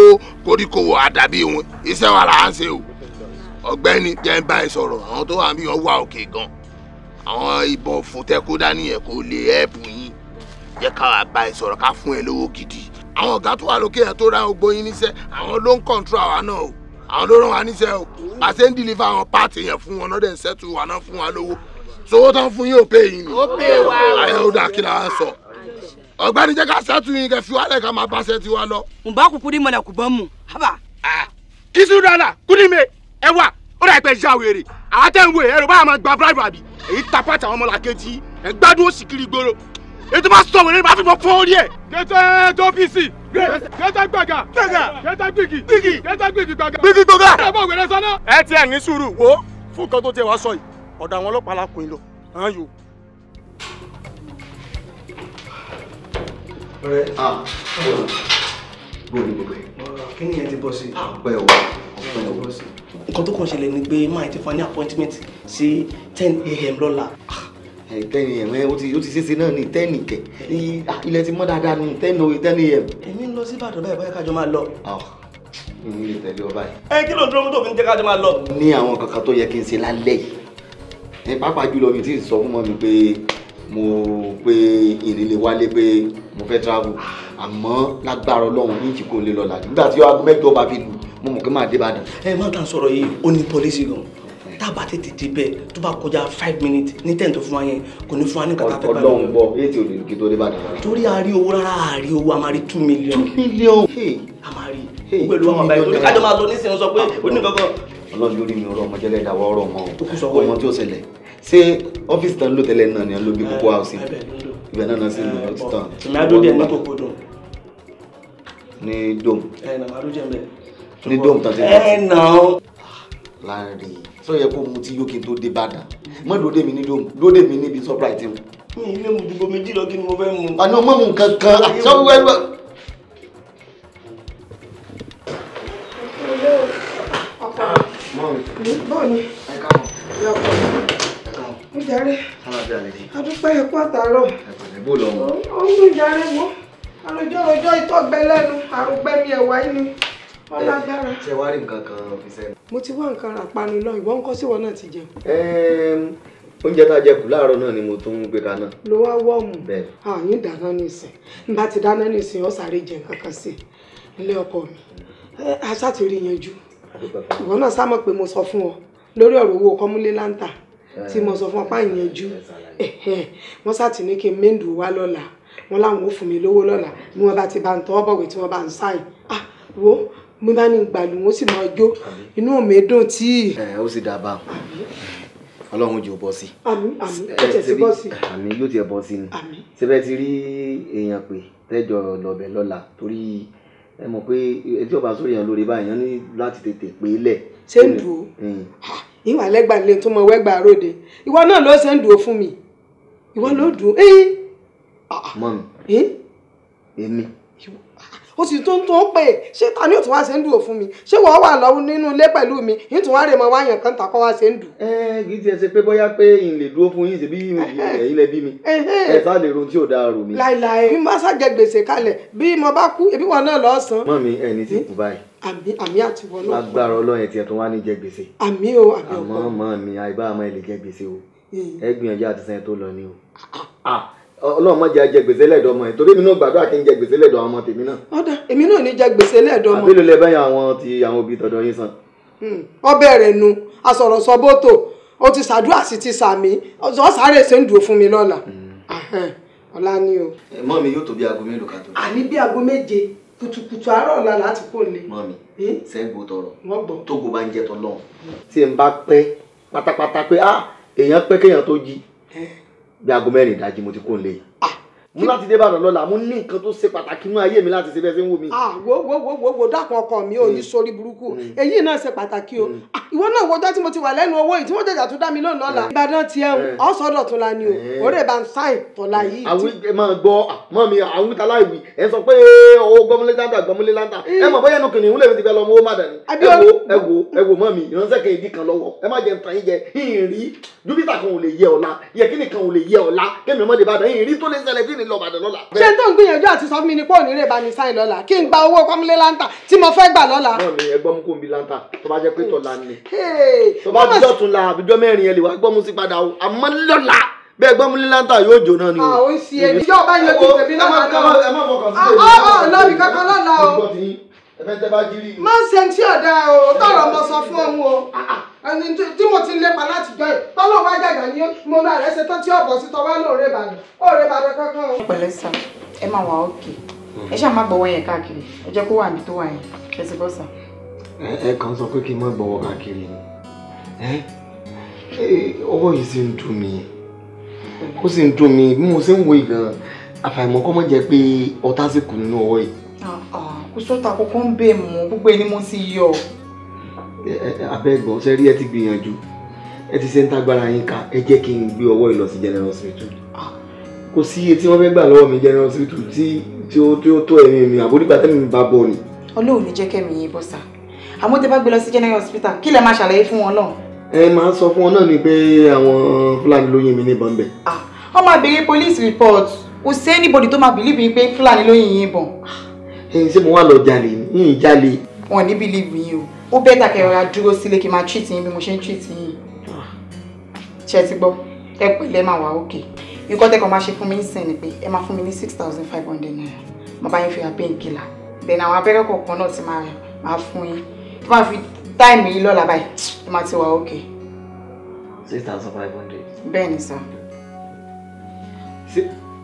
koríko àdàbí wọn iṣẹ́ wa là ń ṣe o ọ̀gbẹ́ni jẹ́ ń bá ẹ sọ̀rọ̀ àwọn tó wà ń bí wọn wá òkè gan àwọn ìbọn fún tẹ́kó dání ẹ̀ kó lè help yín jẹ́ ká bá ẹ sọ̀rọ̀ ká fún ẹ lówó gidi àwọn ọ̀gá tó wà lókè ẹ̀ tó ra gbogbo yín níṣẹ́ àwọn ló ń kọ̀ǹtró àwa náà o àwọn ló ràn wá níṣẹ́ o àṣẹ ń dìlífà àwọn páàtì yẹn fún wọn náà dẹ̀ wa náà fún wa lówó So sowó tán fún yín ò pé yín ni ayé ó dà kí la sọ ọ̀gbẹ́ni jẹ́ ká sẹ́tù yín kẹ́ fi wálẹ̀ ká máa bá sẹ́tù wa lọ. ǹbá kúkú ní mọ̀lẹ́ kú bọ́ mu. kìsù dàlà kúnìmẹ ẹ wà ó dà pé ṣá wèrè àwọn tẹ̀ ń wò ẹ̀rọ báyà máa gba bíráìbù àbí èyí ta pàtàkì àwọn ọmọlàkejì ẹ̀ gbádùn òsì kiri to ètò bá sọ wẹ̀rẹ̀ bá fi mọ to orí ẹ̀. gẹ́tẹ́ tọ́fíìsì gẹ́tẹ́ gbàgà gẹ́tẹ́ gbìgì gẹ́tẹ́ gbìgì gbàgà gbìgì gbàgà. ẹ tiẹ̀ ní sùúrù wo fún kan tó tiẹ̀ wá sọ yìí ọ̀dọ̀ àwọn ọlọ́pàá la kùn lọ hàn yóò. ọ̀rẹ́ a bọ̀ bọ̀ ní gbogbo ẹ̀. kí ni ẹ ti bọ̀ sí. ọpẹ́ o ọpẹ́ o. nǹkan tó kàn ṣẹlẹ̀ ni pé máa ti fa ní appointment sí ten a.m. lọ́la ten am o ti o ti ṣeéṣe náà ní ten kẹ ilẹ̀ ti mọ́ dáadáa nù ten o ten am. èmi ń lọ sí ìbàdàn báyìí báyìí kájọ máa lọ. mi ò lè tẹ̀lé ọ báyìí. ẹ kí ló dúró mú tòfin jẹ́ kájọ máa lọ. ní àwọn kankan tó yẹ kí n ṣe lálẹ́ yìí ẹ pàápàá jùlọ mi ti sọ fún mọ́ mi pé mo pé ìrìnlẹ̀ wálé pé mo fẹ́ travel àmọ́ lágbára ọlọ́run ní ìtìkò lè lọ́la nígbà tí aago mẹ́jọ bá fi lù mo mọ̀ kí n máa dé Ìbàdàn. ẹ má tàn sọ̀rọ̀ yìí ó ní pọ́lísì gan tábà tètè dé tó bá kọjá five minutes ní tẹ́ǹtì fún wa yẹn kò ní fún wa ní kàtà fẹ́ báyìí. ọlọ́run gbọ́ èyí ò lè kí tó dé Ìbàdàn. torí a rí owó rárá a rí owó a máa rí two million. two million. a máa rí owó pẹ̀lú àwọn àbáyọ̀ kájọ máa lọ nísìnyí sọ pé oníkankan ah, ọlọ́run lórí mi ọ̀rọ̀ ọmọdé lẹ́dàá wọ́ ọ̀rọ̀ mọ́ ọmọ tí ó ṣẹlẹ̀ ṣé ọ́fíìsì tán ló tẹ́lẹ̀ náà ni wọ́n ló bí kókó house ibẹ̀ náà sì lò ó ti tàn. ìmọ̀ adóde ní kòkó dùn. ní dome. ní dome tán ti nà ó. láàrin sọ yẹ kó mu tí yókè tó dé bàdàn mọ́ lóde mi ní dome lóde mi níbi surprise mi. mi ilé mu dùgbò méjì lọ kí ni mo fẹ́ mu. àná mọ́ mu kankan àti sọ́wọ́ Ọ ẹ̀bù lọ mọ. ó ń dùn járe mọ́ àròjọ àròjọ ìtọ́gbẹ lẹ́nu àrògbẹ́mi ẹ̀wà yìí ni wọ́n lágbára. ṣé wàá rí nǹkan kan fi sẹ́nu. mo ti wá nǹkan panu lọ ìwọ ń kọ́ náà ti jẹun. oúnjẹ tá a jẹ kù láàárọ̀ náà ni mo dáná dáná sáré tí mo sọ fún ọpá ìyànjú wọ́n sá ti ní kí n méǹdù wá lọ́la wọ́n láwọn ò fún mi lówó lọ́la bí wọ́n bá ti bá ń tọ́ bọ̀wé tí wọ́n bá ń sáìn ah wo mo bá ní gbàlù wọn sì máa jó inú mi dùn tí. ẹ ó sì dáa bá ọlọ́run jò bọ́ sí. àmín àmín ó tẹ̀ sí bọ́ sí. àmín yóò tiẹ̀ bọ́ sí ni. àmín. síbẹ̀ ti rí èèyàn pé tẹ́jọ lọ́bẹ̀ lọ́la torí ẹ mọ̀ pé ẹjọ́ bá sórí èèyàn lórí báyìí yẹn ní láti tètè pé lẹ̀. ṣé ń dùn ó ìwà lẹ́gbà lè tún mọ wẹ́gbà ròde ìwọ náà ló ṣe ń dùn fún mi ìwọ ló dùn. mọ́mi èmi. Eh? ó sì tún tún pè ṣé ta ni ó tún wá ṣe ń dùn fún mi ṣé wọ́n wà lọ́wọ́ nínú ilé pẹ̀lú mi yín tún wá rè mọ wáyàn kan tàkọ́ wá ṣe ń dùn. ẹ ẹ kì í tiẹ̀ ṣe pé bóyá pé n lè dúró fún yín ṣe bí ẹ̀yin lẹ bí mi ẹ sá lè ron tí ò dáa rò mí. láìláì bí má ṣàjẹ gbèsè kalẹ̀ bí mo bá kú ẹbí wọn náà lọ san. mọ mi ẹni tí kú báyìí. àmì àmì àti wọn náà. agbára ọlọ́run tiẹ̀ tún wá ní jẹ gbèsè. àmì o àmì ọkọ. àmọ́ mọ́ mi àìbá àmọ́ ẹ lè o ẹ gbìyànjú àti sẹ́yìn tó lọ ni o. Ah, ah, ah ọlọ́run má jẹ́ ajẹ gbèsè lẹ́dọ̀ ọmọ yẹn torí èmi náà gbàdúrà kí n jẹ gbèsè lẹ́dọ̀ ọmọ tèmi náà. ọ̀dà èmi náà ní jẹ gbèsè lẹ́dọ̀ ọmọ. àbí ló lè bẹ́yìn àwọn ti àwọn òbí tọ̀dọ̀ yín san. Hmm, ọbẹ̀ rẹ̀ nu asọ̀rọ̀sọ bótò o ti ṣàdúrà sí ti sàmì ọ̀sáré ṣe ń dùn fún mi lọ́la. Hmm. ọ̀la ni o. mọ́ mi yóò tó bí aago mélòó ká tó. àní bí aago méje kùtùkùtù àárọ̀ ọ̀la láti kò lè. mọ́ mi sẹ́gun tọrọ tógo bá ń jẹ tọ́lọ́run. tí n bá pẹ́ pátápátá pé ah èèyàn pẹ́ kéèyàn tó jí bí aago mẹ́rin ìdájí mo ti kó nílé yìí. Ah! mo láti dé ìbàdàn lọ́la mo ní nǹkan tó ṣe pàtàkì nínú ayé mi láti ṣe bẹ́ẹ̀ ṣe ń wò ah, wo wo wo wo wo dákun ọkọ mi ò ní mm. sórí burúkú mm. èyí náà ṣe pàtàkì o mm. ah, ìwọ náà wọjọ tí mo ti wà lẹ́nu owó yìí tí wọn jẹjà tó dá mi lónìí lọ́la. ìbàdàn tiẹ̀ ọ̀sọ̀dọ̀ tó la ni o òré bá ń sáì tọ́la yìí. àwọn ẹ máa gbọ́ ah, mọ́ mi àwọn wíta láìwí ẹ sọ pé owó gbọmúlé láńtà gbọmúlé láńtà ẹ mọ̀ bóyá nùkìnì ìwúlẹ̀ mi ti fẹ́ lọ mọ́ má dàní. ẹ wo ẹ wo ẹ wo mọ́ mi ìránṣẹ́ kan ìdí kan lọ́wọ́ ẹ má jẹ ntàn yín jẹ ìrìn rí júpítà kan ò lè yẹ ọ̀la mi lọ Ìbàdàn lọ́la. ṣé n tó ń gbìyànjú àti sọ fún ni pé òní bá mi sáyìn lọ́la kí n gba owó pọ́nmílé láńtà tí mo fẹ́ gbà lọ́la. náà ni ẹgbọ́n mú kó mi láńtà tó bá jẹ́ pé tọ̀la ni. tó bá jọ́ tún la àbíjọ́ mẹ́rin ẹ lè wá gbọ́n sí padà o àmọ́ lọ́la bẹ́ẹ̀ gbọ́n mú ní láńtà yóò jò náà ni àwọn ìsì èmi yóò bá yọjú tèmi lọ́la náà ẹni tí mo ti lépa láti jọ ẹ tọ́lọ́ wá jàjà ní mo náà rẹ ṣe tán tí ọ̀bọ̀ sí tọ́wá lóore ìbàdàn lóore ìbàdàn kankan. pẹ̀lẹ́ sà ẹ máa wà òkè ẹ ṣáà má gbọ́wọ́ yẹn káàkiri ẹ jẹ́ kó wà níbi tó wà yẹn ẹ ti bọ́ sà. ẹ kàn sọ pé kí n má gbọ́wọ́ káàkiri ni ọwọ́ yìí sì ń dùn mí ó sì ń dùn mí bí mo ṣe ń wo ìgàn àfàìmọ̀ kọ́ mọ́ jẹ́ pé ọtá sì kù nínú ọwọ́ yìí. Ah, ah, kò sọ́ta kókó ń bẹ̀ mọ́ gbogbo ẹni mo ti yọ abẹ́gbọ̀n ṣe rí ẹ ti gbìyànjú ẹ ti ṣe ń tágbára yín ká ẹ jẹ́ kí n gbé ọwọ́ ìlọ sí general hospital ah, kò sí iye tí wọ́n fẹ́ gbà lọ́wọ́ mi general hospital tí tí ó tí ó tó ẹ̀mí mi àbórígbà tẹ́mi mi bá bọ̀ ni. ọlọ́run ní jẹ́ kẹ́mi yín bọ́ sá àmọ́ tẹ́ bá gbé lọ sí general hospital kí lẹ máa ṣàlàyé fún wọn náà. ẹ máa sọ fún wọn náà ni pé àwọn fúlàní ló yìn mí ní bọ́ńbẹ́. Ah, wọ́n máa béèrè police report kò sí anybody tó máa believe pé fúlàní ló yìn yín bọ̀. ẹyin ṣé mo wá lọ jalè ní ìjalè. wọn ò ní believe yín o ó bẹ́tà kẹ́ rọra dúró sílé kí n máa treat yín bí mo ṣe ń treat yín ṣe ti gbọ́ ẹ pẹ̀lẹ́ máa wà òkè ikọ́ tẹ́kọ̀ máa ṣe fún mi nísìnyí ni pé ẹ máa fún mi ní six thousand five hundred naira mo bá yín fi hàn pain killer then àwọn abẹ́rẹ́ kọ̀ọ̀kan náà ti máa fún yín tó máa fi táìmù yìí lọ́la báyìí ẹ máa ti wà òkè. six thousand five hundred. bẹ́ẹ̀ni sá.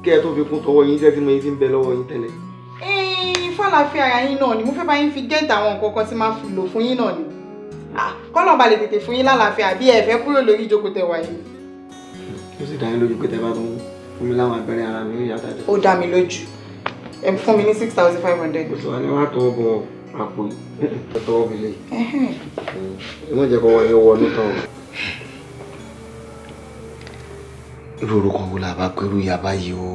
kí ẹ tó fi kún tọwọ́ yín jẹ́ tí mo yín ti ń bẹ lọ́wọ́ yín tẹ́lẹ̀. Eh, fàlàfíà ara yín náà ni mo fẹ́ bá yín fi gẹ́ǹtì àwọn nǹkan kan tí máa lò fún yín náà ni kọ́nà ba lè tètè fún yín lálàáfíà bí ẹ fẹ́ kúrò lórí ìjókòó tẹ wà yìí. ó sì dá yín lójú pé tẹ bá tún fún mi láwọn abẹ́rẹ́ ara mi ó yá dájú. ó dá mi lójú ẹ fún mi ní six thousand five hundred. oṣù wa ni wàá tọwọ́ bọ àpò yìí tọwọ́ mi lé ẹ má jẹ́ kó wọ́n yóò wọnú tán o. irú orúkọ wo la bá pẹ́rù yaba yìí o.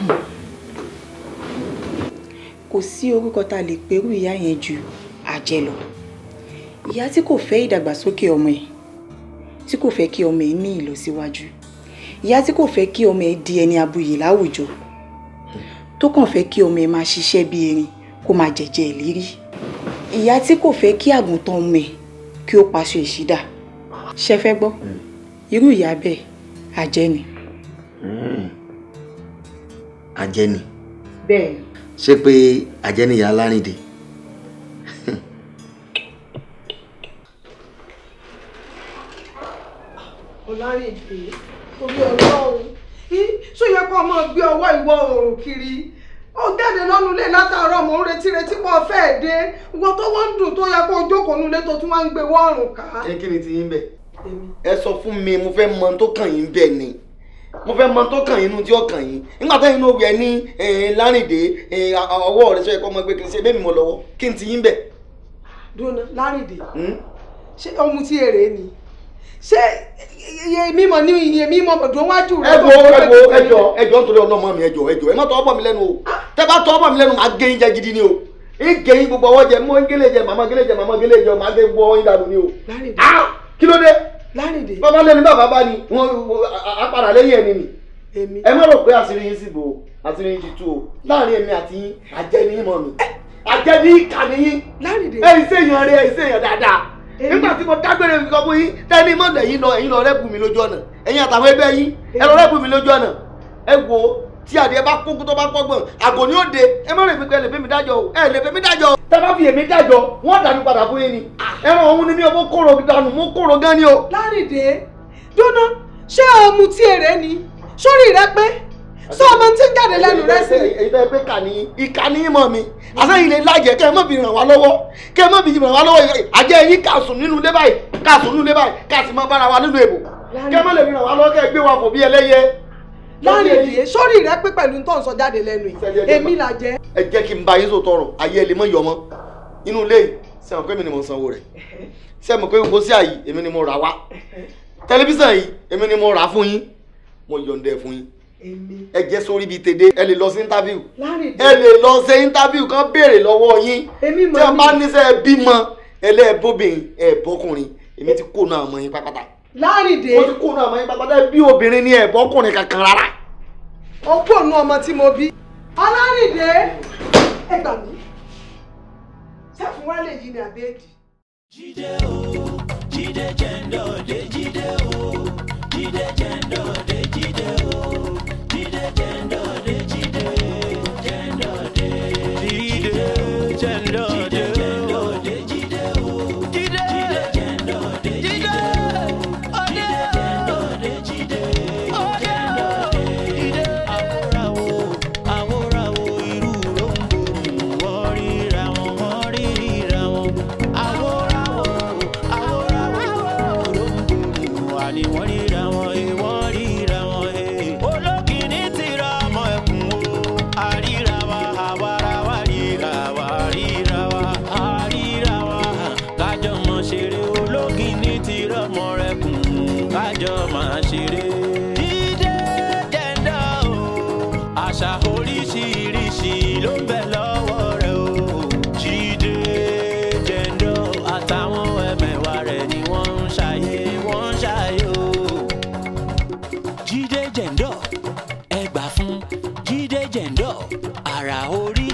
Hmm kò sí orúkọ tá a lè perú ìyá yẹn ju àjẹ́ lọ ìyá tí kò fẹ́ ìdàgbàsókè ọmọ ẹ̀ tí kò fẹ́ kí ọmọ ẹ̀ ní ìlọsíwájú ìyá tí kò fẹ́ kí ọmọ ẹ̀ di ẹni abuyì láwùjọ tó kàn fẹ́ kí ọmọ ẹ̀ máa ṣiṣẹ́ bí erin kó máa jẹ̀jẹ̀ ìlérí ìyá tí kò fẹ́ kí àgùntàn ọmọ ẹ̀ kí ó paṣọ ìṣídà ṣe fẹ́ gbọ́ hmm. irú ìyá bẹ́ẹ̀ àjẹ́ ni. Hmm. àjẹ́ ni. bẹ́ẹ̀ ni ṣé pé àjẹnìyà alárìndè. ọlárìndè orí ọlọ́run ṣó yẹ kó ọmọ gbé ọwọ́ ìwọ oòrùn kiri ó jáde lọ́nu ilé látàárọ̀ mò ń retí retí pọ̀ fẹ́ẹ̀ dé ìwọ tó wọ́n ń dùn tó yẹ kó o jókòó nílé tó tún wá ń gbé wọ́ọ̀rùn ká. ẹ kí ni ti yín bẹ ẹ sọ fún mi mo fẹ́ mọ tó kàn yín bẹ́ẹ̀ ni. mo fẹ́ mọ tó kàn yín nu tí ó kàn yín nígbà tó yín ló wẹ lárìndé ọwọ́ rẹ sọ yẹ kó ọmọ ẹgbẹ́ ṣe bẹ́ẹ̀ mi mọ̀ lọ́wọ́ kí n ti yín bẹ̀. dùnà lárìndé hmm? ṣé ọmú tí èrè ni ṣé iye mímọ ní iye mímọ wájú o tẹ bá lẹ́nu o gbogbo ọwọ́ jẹ mọ ń gélé jẹ màmá gélé jẹ màmá gélé gbogbo yín o. Ah! kí ló Lárìndé. bàbá lẹni bàbá bá ni wọn apara lẹ́yìn ẹni mi. èmi. ẹ má rò pé àṣírí yín sì bò ó àṣírí yín ti tú o láàrin èmi àti yín àjẹni yín mọ mi àjẹni ìkà ni yín. Lárìndé. ẹ̀yin sèèyàn rẹ ẹ̀yin sèèyàn dáadáa. nígbà tí mo dágbére nǹkan fún yín tẹ́ni mọ̀dẹ̀ yín lọ ẹ̀yin lọ rẹ́bù mi lójú ọ̀nà ẹ̀yin àtàwọn ẹgbẹ́ yín ẹ lọ rẹ́bù mi lójú ọ̀nà ẹ wo tí adìẹ bá kókó tó bá pọ́gbọ̀n àgò ní òde ẹ má rè fi pé ẹ lè fẹ́ mi dájọ́ o ẹ lè fẹ́ mi dájọ́ o. tá a bá fi èmi dájọ́ wọ́n dàbí padà fún yín ni ẹran òun ni mi ò mọ kóró dànù mọ kóró gan ni o. Lárìndé jóná ṣé ọmú tí èrè ni sórí rẹ pé sọ ọmọ tí ń jáde lẹ́nu rẹ sí. èyí bẹ́ẹ̀ pé kà ní ìka ní ìmọ̀ mi àsẹ́yìn lè lájẹ kẹ́ ẹ má fi ràn wá lọ́wọ́ kẹ́ ẹ má fi ràn wá lọ́wọ́ àjẹ́ yín kà sùn nínú ilé báyìí kà sùn nínú ilé báyìí kà sì má bára wa nínú èbò kẹ́ ẹ lè fi ràn wá lọ́wọ́ kẹ́ gbé wa fò bí ẹlẹ́yẹ láàrin ìdíyẹ sórí rẹ pé pẹ̀lú tó ń sọ jáde lẹ́nu yìí èmi là jẹ́. ẹ jẹ́ kí n ba yín sòtọ́ ọ̀rọ̀ ayé ẹ lè mọ ìyọmọ inú ilé yìí sẹ́wọ̀n pé èmi ni mo ń sanwó rẹ̀ sẹ́wọ̀n pé gbogbo sí àyè èmi ni mo rà wá tẹlifíṣàn yìí èmi ni mo rà fún yín mo yọ̀ǹda ẹ̀ fún yín ẹ jẹ́ sórí bíi tèdè ẹ lè lọ sí íńtábíù ẹ lè lọ ṣe íńtábíù kan béèrè lọ́wọ́ yín tí wọ́n bá níṣẹ́ bímọ ẹlẹ́ẹ̀bóbìnrin ẹ̀ẹ́bọ́kùnrin èmi ti kóná àmọ́ yín pátápátá Lárìndé. mo ti kó nu àmọ́ yín bí obìnrin ni ẹ̀bọ́ ọkùnrin kankan rárá. ó nu ọmọ tí mo bí. Ọlárìndé ẹ gbà mí sẹ́fún wa lè ni àbẹ́ẹ̀dì. jíde o jíde jẹ́ ń dọ̀ọ́dẹ́ jíde o jíde jẹ́ ń dọ̀ọ́dẹ́.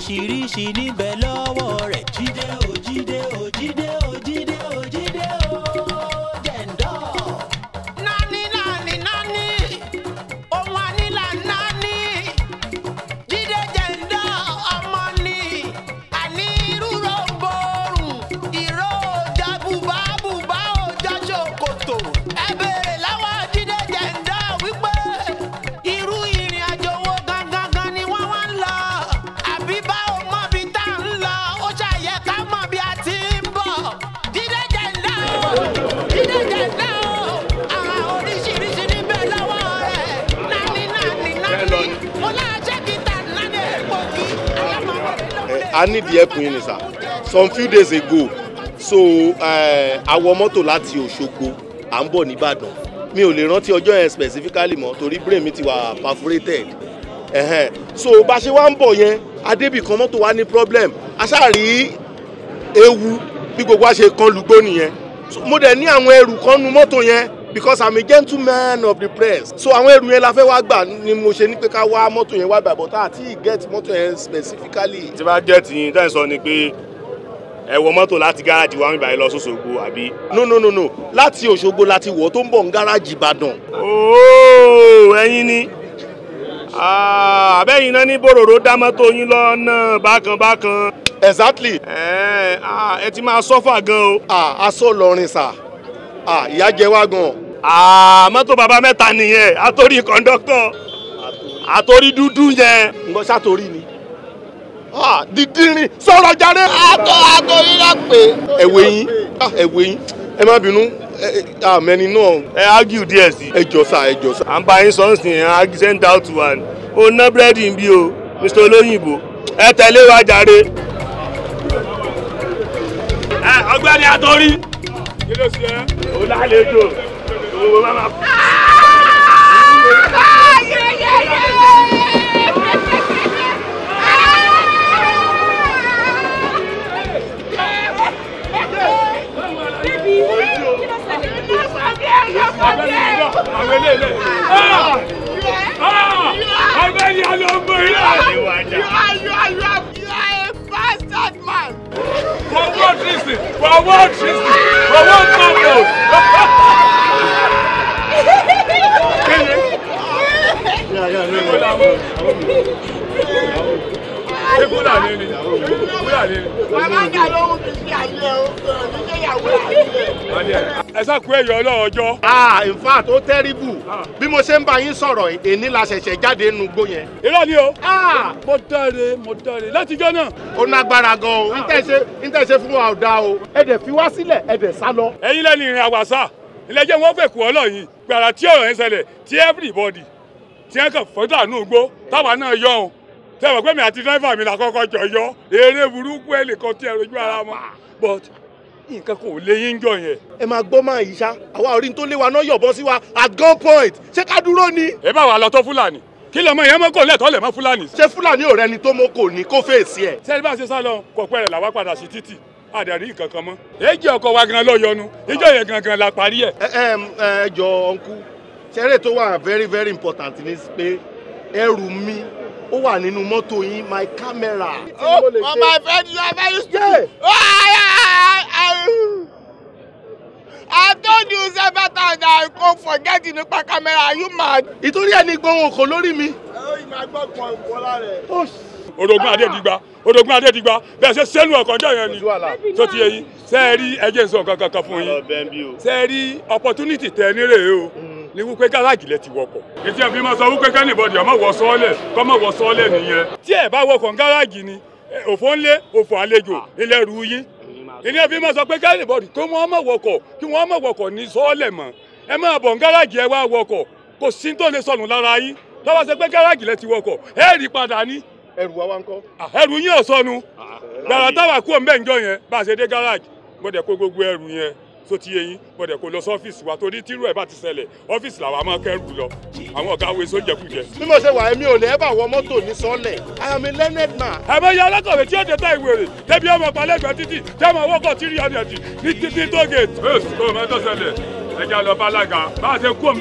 oríṣiríṣi níbẹ̀ lọ́wọ́ rẹ̀. i need the help yín ni sir some few days ago so eh, a wọ mọ́tò láti Òṣogbo à ń bọ̀ nìbàdàn mi ò lè rántí ọjọ́ yẹn specifically mọ́ torí brain mi ti wà perforated ẹ̀hẹ́n so bá ṣe wá ń bọ̀ yẹn adébìkan mọ́tò wa ní problem aṣáàrí ewu bí gbogbo wa ṣe kan lùgbó nìyẹn mo dẹ̀ ní àwọn ẹrù kan nu mọ́tò yẹn because i'm a gentleman of the press so àwọn ẹrù yẹn la fẹ́ wá gbà ni mo ṣe ní pé ká wá mọ́tò yẹn wá gbà but àti get mọ́tò yẹn specifically. tí bá jẹ́ tiyín tẹ́ ẹ sọ ni pé ẹ wọ mọ́tò láti gáràjì wa níbàyí lọ sọ́sọ́gbó àbí. no no no no láti Òṣogbo láti wọ̀ tó ń bọ̀ ń gáràjì Ìbàdàn. ooo ẹ̀yin ni àbẹ́yìn ah, náà ní bòròró dá mọ́tò yín lọ́nà bákan bákan. exactly. ẹ eh, ah, ẹ ti máa sọ́fà gan o. Ah, a aṣọ lọrin sà ìyá jẹ wá gan-an. Ah, mọ́tò bàbá mẹ́ta nìyẹn àtòrí kọ́ńdọ́kọ̀ àtòrí dúdú yẹn nǹkan sàtòrí ni ah, dídírin sọ̀rọ̀ jáde. àtọ̀ àtọ̀ yín náà pé. ẹ̀wẹ̀ yín ah, ẹ̀wẹ̀ yín ẹ má bínú àmẹ́ni náà. ẹ ágìl díẹ̀ sí. ẹ jọ sá ẹ jọ sá. à ń bá yín sọ́nsìn ẹ̀ ágìl send out to one. ó ná búrẹ́dì ń bí o mr olóyìnbó ẹ tẹ̀lé wa jàre. ọgbẹ́ni àtọ́rí. kí ló ṣe é. ó lálejò. For what reason? For what purpose? Fúlàní ni Ẹ sàkú ẹ̀yọ́ ọlọ́ọ̀jọ́. Ah in fact ó tẹ́rìbù. Bí mo ṣe ń bá yín sọ̀rọ̀ èní la ṣẹ̀ṣẹ̀ jáde nu gbó yẹn. Irọ́ ni o. Mo dáre mo dáre látijọ́ náà. Ó nágbára gan o, n tẹ́ ṣe fún wa ọ̀dà o. Ẹ dẹ̀ fi wá sílẹ̀, ẹ dẹ̀ sá lọ. Ẹ̀yin lẹ́nu ìrìn àwàsà, ilé ẹjẹ́ wọn fẹ̀kú ọlọ́yin, gbàrà tí ọ̀rọ̀ yẹn ṣẹlẹ̀ tí everybody tí ẹ kàn fọ́dà nù gbó táwa náà yọ ọ́n tẹ́ wọ́n mi àti dírẹ́fà mi là jọ yọ eré burúkú ẹ̀ lè kọ́ tí ẹ rojú ara mọ́ but nǹkan kò lè yín jọ yẹn. ẹ máa gbọ́ máa yìí ṣá àwa orí tó lé wa náà yọ̀bọ sí wa at gun ṣé ká dúró ni. ẹ bá wa lọ tó fúlàní kí lọmọ yẹn mọ kò lẹtọ fúlàní. ṣé fúlàní ò rẹni tó mọ kò ní kó fèsì ẹ. sẹ́ni bá ṣe sá lọ kọ̀pẹ́ rẹ̀ làwa padà sí títì àdàrí nǹkan kan mọ́. èjì ọkọ̀ wa gan lọ yọnu ìjọ yẹn gangan la parí ẹ̀. ẹ ẹ ẹ jọ ọ̀nkú ṣeré tó wà very very important ni pé ẹrù mi ó wà nínú mọ́tò yín my camera. Oh, my friend, you are very ṣe. Oh, I told you several times that I go forget the nípa camera Are you mad. ìtorí ẹni gbóhùn kò lórí mi. ó yìí máa gbọ́ kan ìwọlá rẹ̀ orogun adédigba orogun adédigba bẹ́ẹ̀ ṣe sẹ́nu ọ̀kànjọ́ yẹn ni tó ti yẹ yín ṣe é rí ẹjẹ́ nsọ kankan kan fún yín ṣe opportunity tẹ̀ ní rèé o. Mm ni wípé gáràjì lẹ ti wọkọ̀. etí ẹ̀ fi máa sọ wípé kẹ́nìbọ̀dì ọmọ wọ sọ́ọ́lẹ̀ kọ́mọ wọ sọ́ọ́lẹ̀ nìyẹn. tí ẹ bá wọkọ̀ gáràjì ni òfò ńlé òfò àlejò ilẹ̀ rú yín. ìní ẹ̀ fi máa sọ pé kẹ́nìbọ̀dì kí wọ́n mọ̀ wọkọ̀ kí wọ́n mọ̀ wọkọ̀ ní sọ́ọ́lẹ̀ mọ́ ẹ máa bọ̀ gáràjì ẹ wá wọkọ̀ kò sí tó lè sọnù lára yín lọ́wọ́ sẹ pé gáràjì lẹ ti wọkọ̀ ẹ rí padà ní. ẹrù wa wá ń kọ́. Ah, ẹrù yín ò sọnù gbàrà táwa kú òǹbẹ̀ ńjọ yẹn bá a ṣe dé gáràjì mo kó gbogbo ẹrù yẹn so ti yé yín gbọ́dọ̀ lọ sí ọ́fíìsì wa torí tírú ẹ̀ bá ti ṣẹlẹ̀ ọ́fíìsì làwa máa kẹ́rù lọ àwọn ọ̀gá wo èso jẹkújẹ. bí mo ṣe wà èmi ò lè ẹ́bà wọ mọ́tò ní sọ́ọ̀lẹ̀ I am a learned man. àmọ́ iye alákọ̀wé tí ó dé ìwé rè débi ọmọ palẹ́gbẹ̀ẹ́ títì jẹ́mọ̀ owó kan tírí ọ̀dẹ̀dì ní títí tógèètì. ẹ ṣùgbọ́n lọ bá alága bá a ṣe kú òun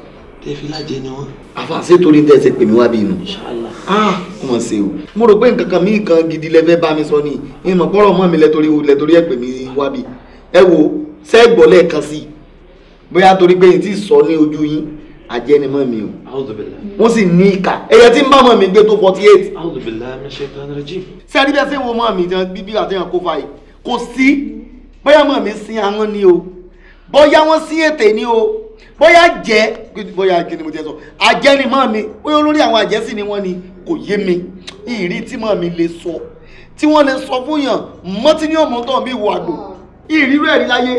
tẹ́fìlàjẹ ni wọ́n. àfàṣe torí tẹ́ ẹ ṣe pè mí wá bí inú. ah mọ̀ ṣe o mo rò pé nǹkan kan mí kan gidi lẹ́fẹ́ bá mi sọ ni ìmọ̀ pọ́rọ̀ mọ́ mi lẹ́torí lẹ́torí ẹ̀ pè mí wá bí. ẹ wo sẹ́gbọ̀ lẹ́ẹ̀kan sí i bóyá torí pé yìí ti sọ ní ojú yín ajẹnimọ́ mi o wọ́n sì ní ìkà ẹ̀yẹ tí ń bá mọ̀ mi gbé tó forty eight. sẹ́ni bẹ́ẹ̀ sẹ́ wo mọ́ mi jẹun bíbí àtẹ̀yàn kó fa yìí kò sí bóyá mọ̀ mi sin ahọ́n ni o bóyá wọ́n sí ètè ni o bóyá jẹ́ bóyá jẹ́ ni mo jẹ́ sọ àjẹ́ ni mọ́ mi bóyá olórí àwọn àjẹ́ sì ni wọ́n ni kò yé mi ìrí tí mọ́ mi lè sọ tí wọ́n lè sọ fún yàn mọ́tí ní ọmọ tó bí wà lò ìrí rẹ̀ rí láyé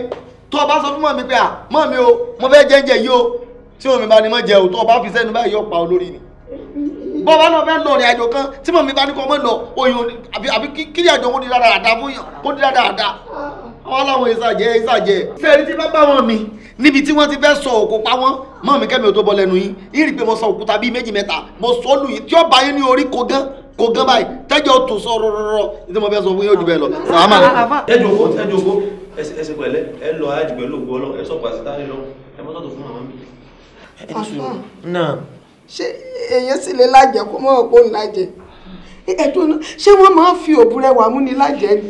tó o bá sọ fún mọ́ mi pé à mọ́ mi o mo fẹ́ jẹ́jẹ́ yìí o tí omi bá ní mọ́ jẹ o tó o bá fi sẹ́nu báyìí yóò olórí ni bọ́ọ̀bá náà fẹ́ lọ rìn àjò kan tí mọ́ mi bá ní kọ́ mọ́ lọ òyìn àbí kí àjò wọn di dáadáa fún yàn kó di dáadáa wọ́n láwọn ìsàjẹ́ ìsàjẹ́ fẹ́ẹ́rí tí bá bá wọn mi níbi tí wọ́n ti fẹ́ sọ òkú pa wọ́n mọ́ mi kẹ́mi ò tó bọ́ lẹ́nu yín yín rí i pé mo sọ òkúta bíi méjì mẹ́ta mo sọ lù yín tí ó bá yín ní orí kó gán kó gán báyìí tẹ́jọ́ tó sọ rọrọrọ tí mo fẹ́ sọ fún yín ojú bẹ́ẹ̀ lọ sàmà. ẹ jòkó ẹ ẹsẹ pẹ̀lẹ́ ẹ lọ àjùgbẹ lóògùn ọlọ ẹ sọ pàṣítárì lọ ẹ mọ fún àwọn mi. ẹ ti sùn wọ́n máa ń fi òbúrẹ́wà múni lájẹ ni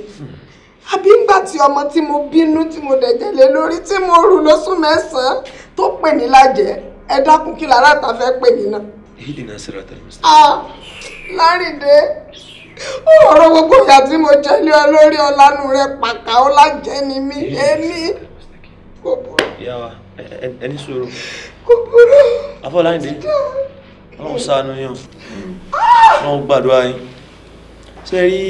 àbí ńgbà tí ọmọ tí mo bínú tí mo dẹ̀jẹ̀ lé lórí tí mo rù lóṣù mẹ́sàn-án tó pè mí lájẹ́ ẹ dákun kí lára ta fẹ́ pè mí náà. èyí dènà síra tẹ̀lé mr. ah Lárìndé ọ̀rọ̀ gbogbo ìyá tí mo jẹ lé ọ lórí ọ̀lànà rẹ pàkà ó lájẹ́ ni mí èmi kò ẹni sọ̀rọ̀. kò burú. afọláyìndé wọn sànú yàn wọn gbàdúrà yín sẹ́rí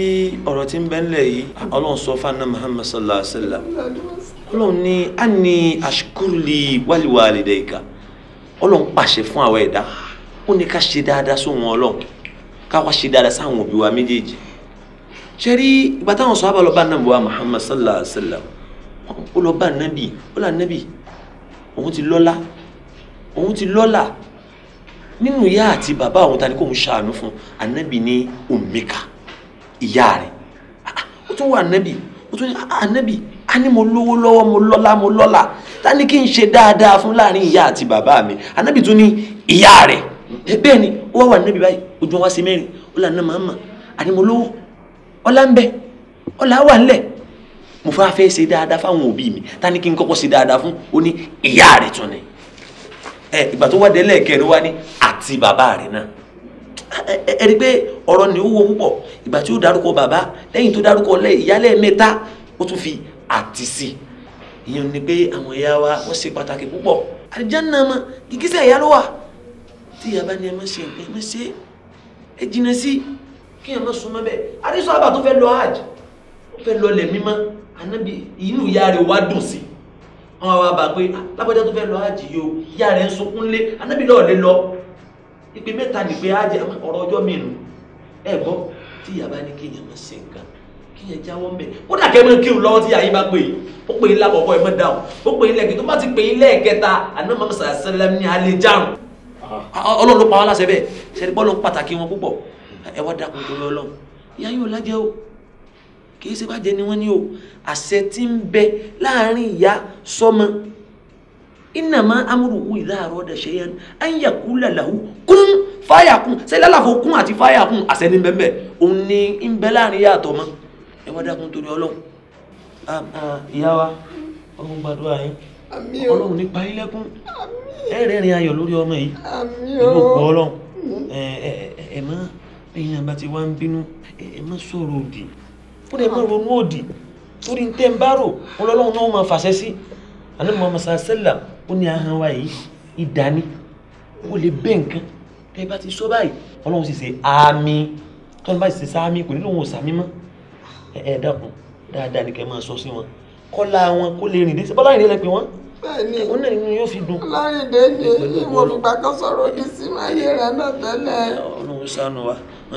ọ̀rọ̀ tí ń bẹ ńlẹ̀ yìí ọlọ́run sọ fáná muhammad sallallahu alayhi wa sallam ọlọ́run ní àní àṣkúrúlì wàlíwàlídẹ̀ ìka ọlọ́run pàṣẹ fún àwọn ẹ̀dá ó ní ká ṣe dáadáa sóhun ọlọ́run ká wá ṣe dáadáa sáwọn òbí wa méjèèjì sẹ́rí ìgbà táwọn sọ abalọ bá nàbọ̀ wa muhammad sallallahu alayhi wa sallam ó lọ bá nàbì ó là nàbì òun ti lọ́lá òun ti lọ́lá nínú ìyá àti bàbá òun ta ni kò ń ṣàánú fún ànábì ní òmìkà ìyá rẹ̀ ó tún wà ànábì ó tún ní ànábì ah, ah, a ní mo lówó lọ́wọ́ mo lọ́lá mo lọ́lá ta ni kí n ṣe dáadáa fún láàrin ìyá àti bàbá mi ànábì tún ní ìyá rẹ̀ bẹ́ẹ̀ ni ó wá wà ànábì báyìí ojú wa sí mẹ́rin ó là ná màmá a ní mo lówó ọlá ń bẹ ọlá wà ńlẹ̀ mo fẹ́ fẹ́ ṣe dáadáa fáwọn òbí mi ta ni kí n kọ́kọ́ ṣe dáadáa fún ó ní ìyá rẹ̀ tún ni ẹ ìgbà tó wá délẹ̀ kẹrin wá ní àti bàbá rẹ̀ náà ẹ rí i pé ọ̀rọ̀ ni ó wo púpọ̀ ìgbà tí ó dárúkọ bàbá lẹ́yìn tó dárúkọ ìyálẹ̀ mẹ́ta ó tún fi àti sí ìyẹn ni pé àwọn ìyá wa wọ́n ṣe pàtàkì púpọ̀ àlìjáná mọ gìgísẹ̀ ìyá ló wà tí ìyá bá ní ẹ má ṣe nǹkan ẹ má ṣe ẹ jìnnà sí kí ẹ má súnmọ́ bẹ́ẹ̀ àdìsọ àbà tó fẹ́ lọ hajj ó fẹ́ lọ lẹ̀ mímọ́ ànábì inú ìyá rẹ̀ wá dùn sí wọn wá bá pé ah, lábọ́jà tó fẹ́ lọ hajj yìí o ìyá rẹ̀ ń sunkún lé ànábì lọ́ọ̀lẹ́ lọ ìpè mẹ́ta nìpè ájẹ ọ̀rọ̀ ọjọ́ mi nù ẹ gbọ́ tí ìyá bá ní kéèyàn máa ṣe nǹkan kíyẹn jáwọ́ mẹ́ ó dàgẹ́ mọ́ kí n lọ́wọ́ tí ayé bá pè é ó pè é lákọ̀ọ́kọ́ ẹ̀ mọ́ dáhùn ó pè é lẹ́ẹ̀kẹ́ tó bá ti pè é lẹ́ẹ̀kẹta àná mọ́ sàlẹ́m ní alẹ́ járùn ọlọ́run ló pa wá láṣẹ bẹ́ẹ̀ ṣẹ́ni bọ́ọ̀lù pàtàkì wọn púpọ̀ ẹ wá dákun torí ọlọ́run ìyá inna ma amruhu idha arada shay'an an yaqula lahu kun fayakun ṣe lálàfo kun àti fayakun àṣẹni bẹ́ẹ̀ òun ni ń bẹ láàrin yàtọ̀ mọ́ ẹ wá dákun torí ọlọ́run ìyá wa ọlọ́run gbàdúrà yín ọlọ́run nípa ilẹ̀kùn ẹ rẹ́rìn ayọ̀ lórí ọmọ yìí ìlú òkú ọlọ́run mm. ẹ mọ́ ẹ̀yin àbá ti wá ń bínú ẹ mọ́ sọ̀rọ̀ òdì ó dẹ̀ mọ́ ah. ronú òdì torí ń tẹ́ ń bá rò ọlọ́run náà máa fàṣẹ sí àná mọ́ mọ́ ó ní ahọ́n wa yìí ìdání ó lè bẹ́ nǹkan tẹ́ bá ti sọ báyìí ọlọ́run sì ṣe àmì tọ́nù bá sì ṣe sáàmì kò nílò òun sàmì mọ́ ẹ ẹ dákun dáadáa ni kẹ́ máa sọ sí wọn kọ́lá wọn kó lè rìn dé sí bọ́lá rìn dé lẹ́ pé wọ́n bẹ́ẹ̀ni òun náà inú yóò fi dùn. láàrin dèédé ìmọ̀lùgbà kan sọ̀rọ̀ òdì sí máyé rẹ̀ náà tẹ́lẹ̀. ọlọ́run ṣàánú wa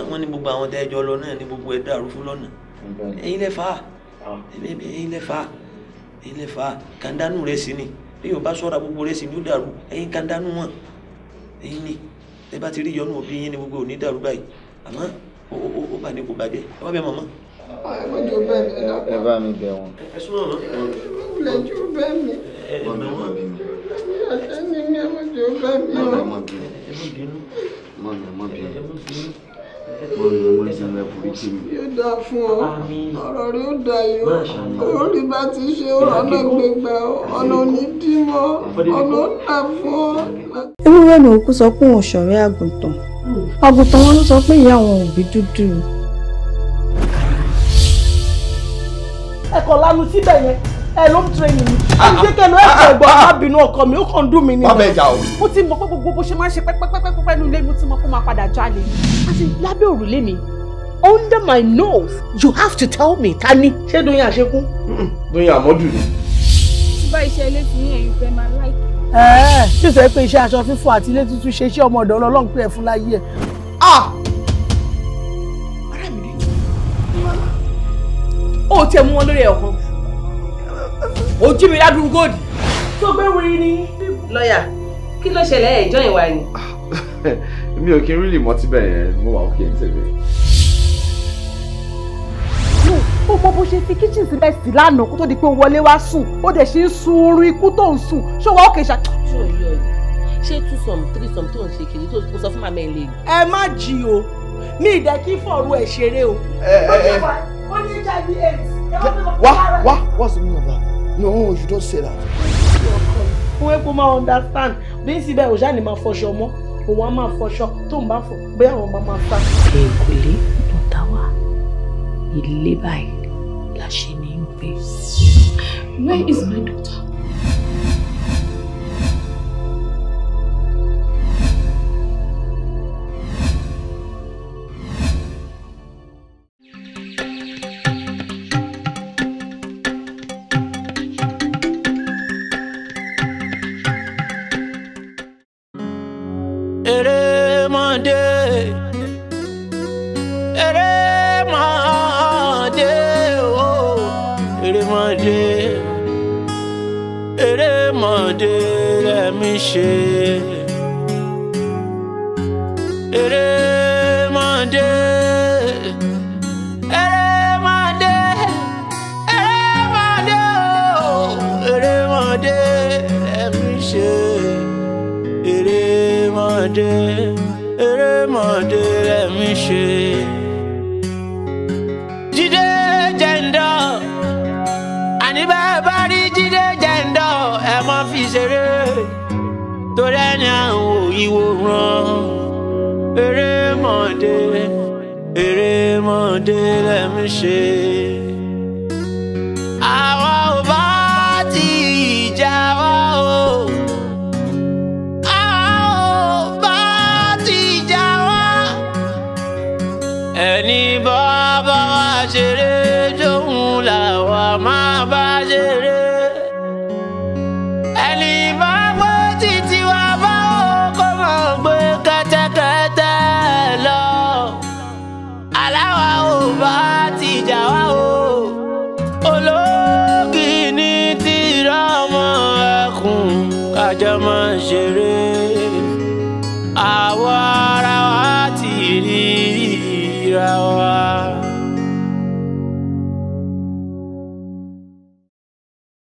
wọ́n ní gbogbo àwọn tẹ́jọ́ lọ náà ní gbogbo ẹ̀ dàrú lọ́nà ẹ̀yin lẹ́fà ah. ẹ̀yin lẹ́fà ẹ̀yin lẹ́fà kàńdánù rẹ̀ sí ni bí yóò bá sọ́ra gbogbo rẹ̀ sì ní ó dàrú ẹ̀yin kan dánú wọn ẹ̀yin ni ẹ bá ti rí yọnu òbí yín ni gbogbo òní dàrú báyìí àmọ́ ó bà ní kò bàjẹ́ ẹ wá bẹ màmá. ẹ bá mi bẹ̀ wọ́n. ẹ súnmọ́ mọ́. lẹ́jọ́ bẹ́ mi. ẹ bẹ̀ wọ́n bí mi. àṣẹ mi ni ẹ mọ̀ jẹ́ bẹ́ mi. ẹ mọ̀ bínú. ẹ mọ̀ bínú wọ́n ní wọ́n ti mọ ẹ̀fọ́ ìtì mi. yóò dáa fún ọ ọ̀rọ̀ rẹ ó da yìí ó orí bá ti ṣe ọ̀nà gbẹgbẹ ọ̀nà onídìímọ̀ ọ̀nà ó dà fún ọ. ewúrẹ́ mi òkú sọ pé òun ṣọ̀rẹ́ àgùntàn àgùntàn wọn ló sọ pé ìyá àwọn òbí dúdú. ẹ̀kọ́ lanu síbẹ̀ yẹn Ah, ah. ẹ ló ń training mi ẹni jẹ́ kẹ́nu ẹ̀kọ́ ẹ̀gbọ́n alábìnú ah. ọkọ mi ó kàn ń dùn mí ni. bàbá ẹja o. mo ti mọ pé gbogbo bó ṣe máa ń ṣe pẹ́pẹ́pẹ́pẹ́ nínú ilé mo ti mọ kó máa padà jalè. àti lábẹ́ òrùlé mi under my nose you have to tell me ta ni. ṣé doyin àṣekún. doyin àmọ́dù ni. bá iṣẹ́ ilé ti ní ẹ̀yin fẹ́ máa láìpẹ́. ẹ̀ẹ́ tí o sọ pé iṣẹ́ aṣọ fífọ̀ àti ilé tuntun ṣe iṣẹ́ ọmọ ọ̀dọ́ ọlọ́run pé ẹ̀ fún láyé ẹ̀. ọ̀rẹ́ mi ni o tiẹ̀ mú wọn lórí ẹ̀ ọ̀kan ojú mi ládùn góòdì. tó gbé wiri ni. lọ́ọ̀yà kí ló ṣẹlẹ̀ ẹ̀jọ́ ìwà ni. (laughs) mi ò kí n rílì mọtí bẹ́ẹ̀ yẹn mo wà òkè ní tèmi. ó mọ bó ṣe fi kíchìn sílẹ̀ sí lánàá kó tó di pé ó wọlé wá sùn ó dẹ̀ ṣe ń sun oorun ikú tó ń sùn ṣó wà òkè ṣá. ṣé two some three some tó ń ṣe kiri tó sọ fún màmá ẹ lè. ẹ má jí o mi ì dẹ́ kí fọ̀rọ̀ ẹ̀ ṣeré o. Eh, eh, eh. ó ní hiv aids. wá wá what's the meaning of that. No, you don't say that. Òun ẹ̀ kò máa understand. Bí síbẹ̀ òṣà ni máa fọṣọ mọ́, òun á máa fọṣọ tó ń bá fọ bóyá àwọn ọmọ máa fà. Ègùlé ló dá wa, ilé báyìí la ṣe ní í Where is my daughter?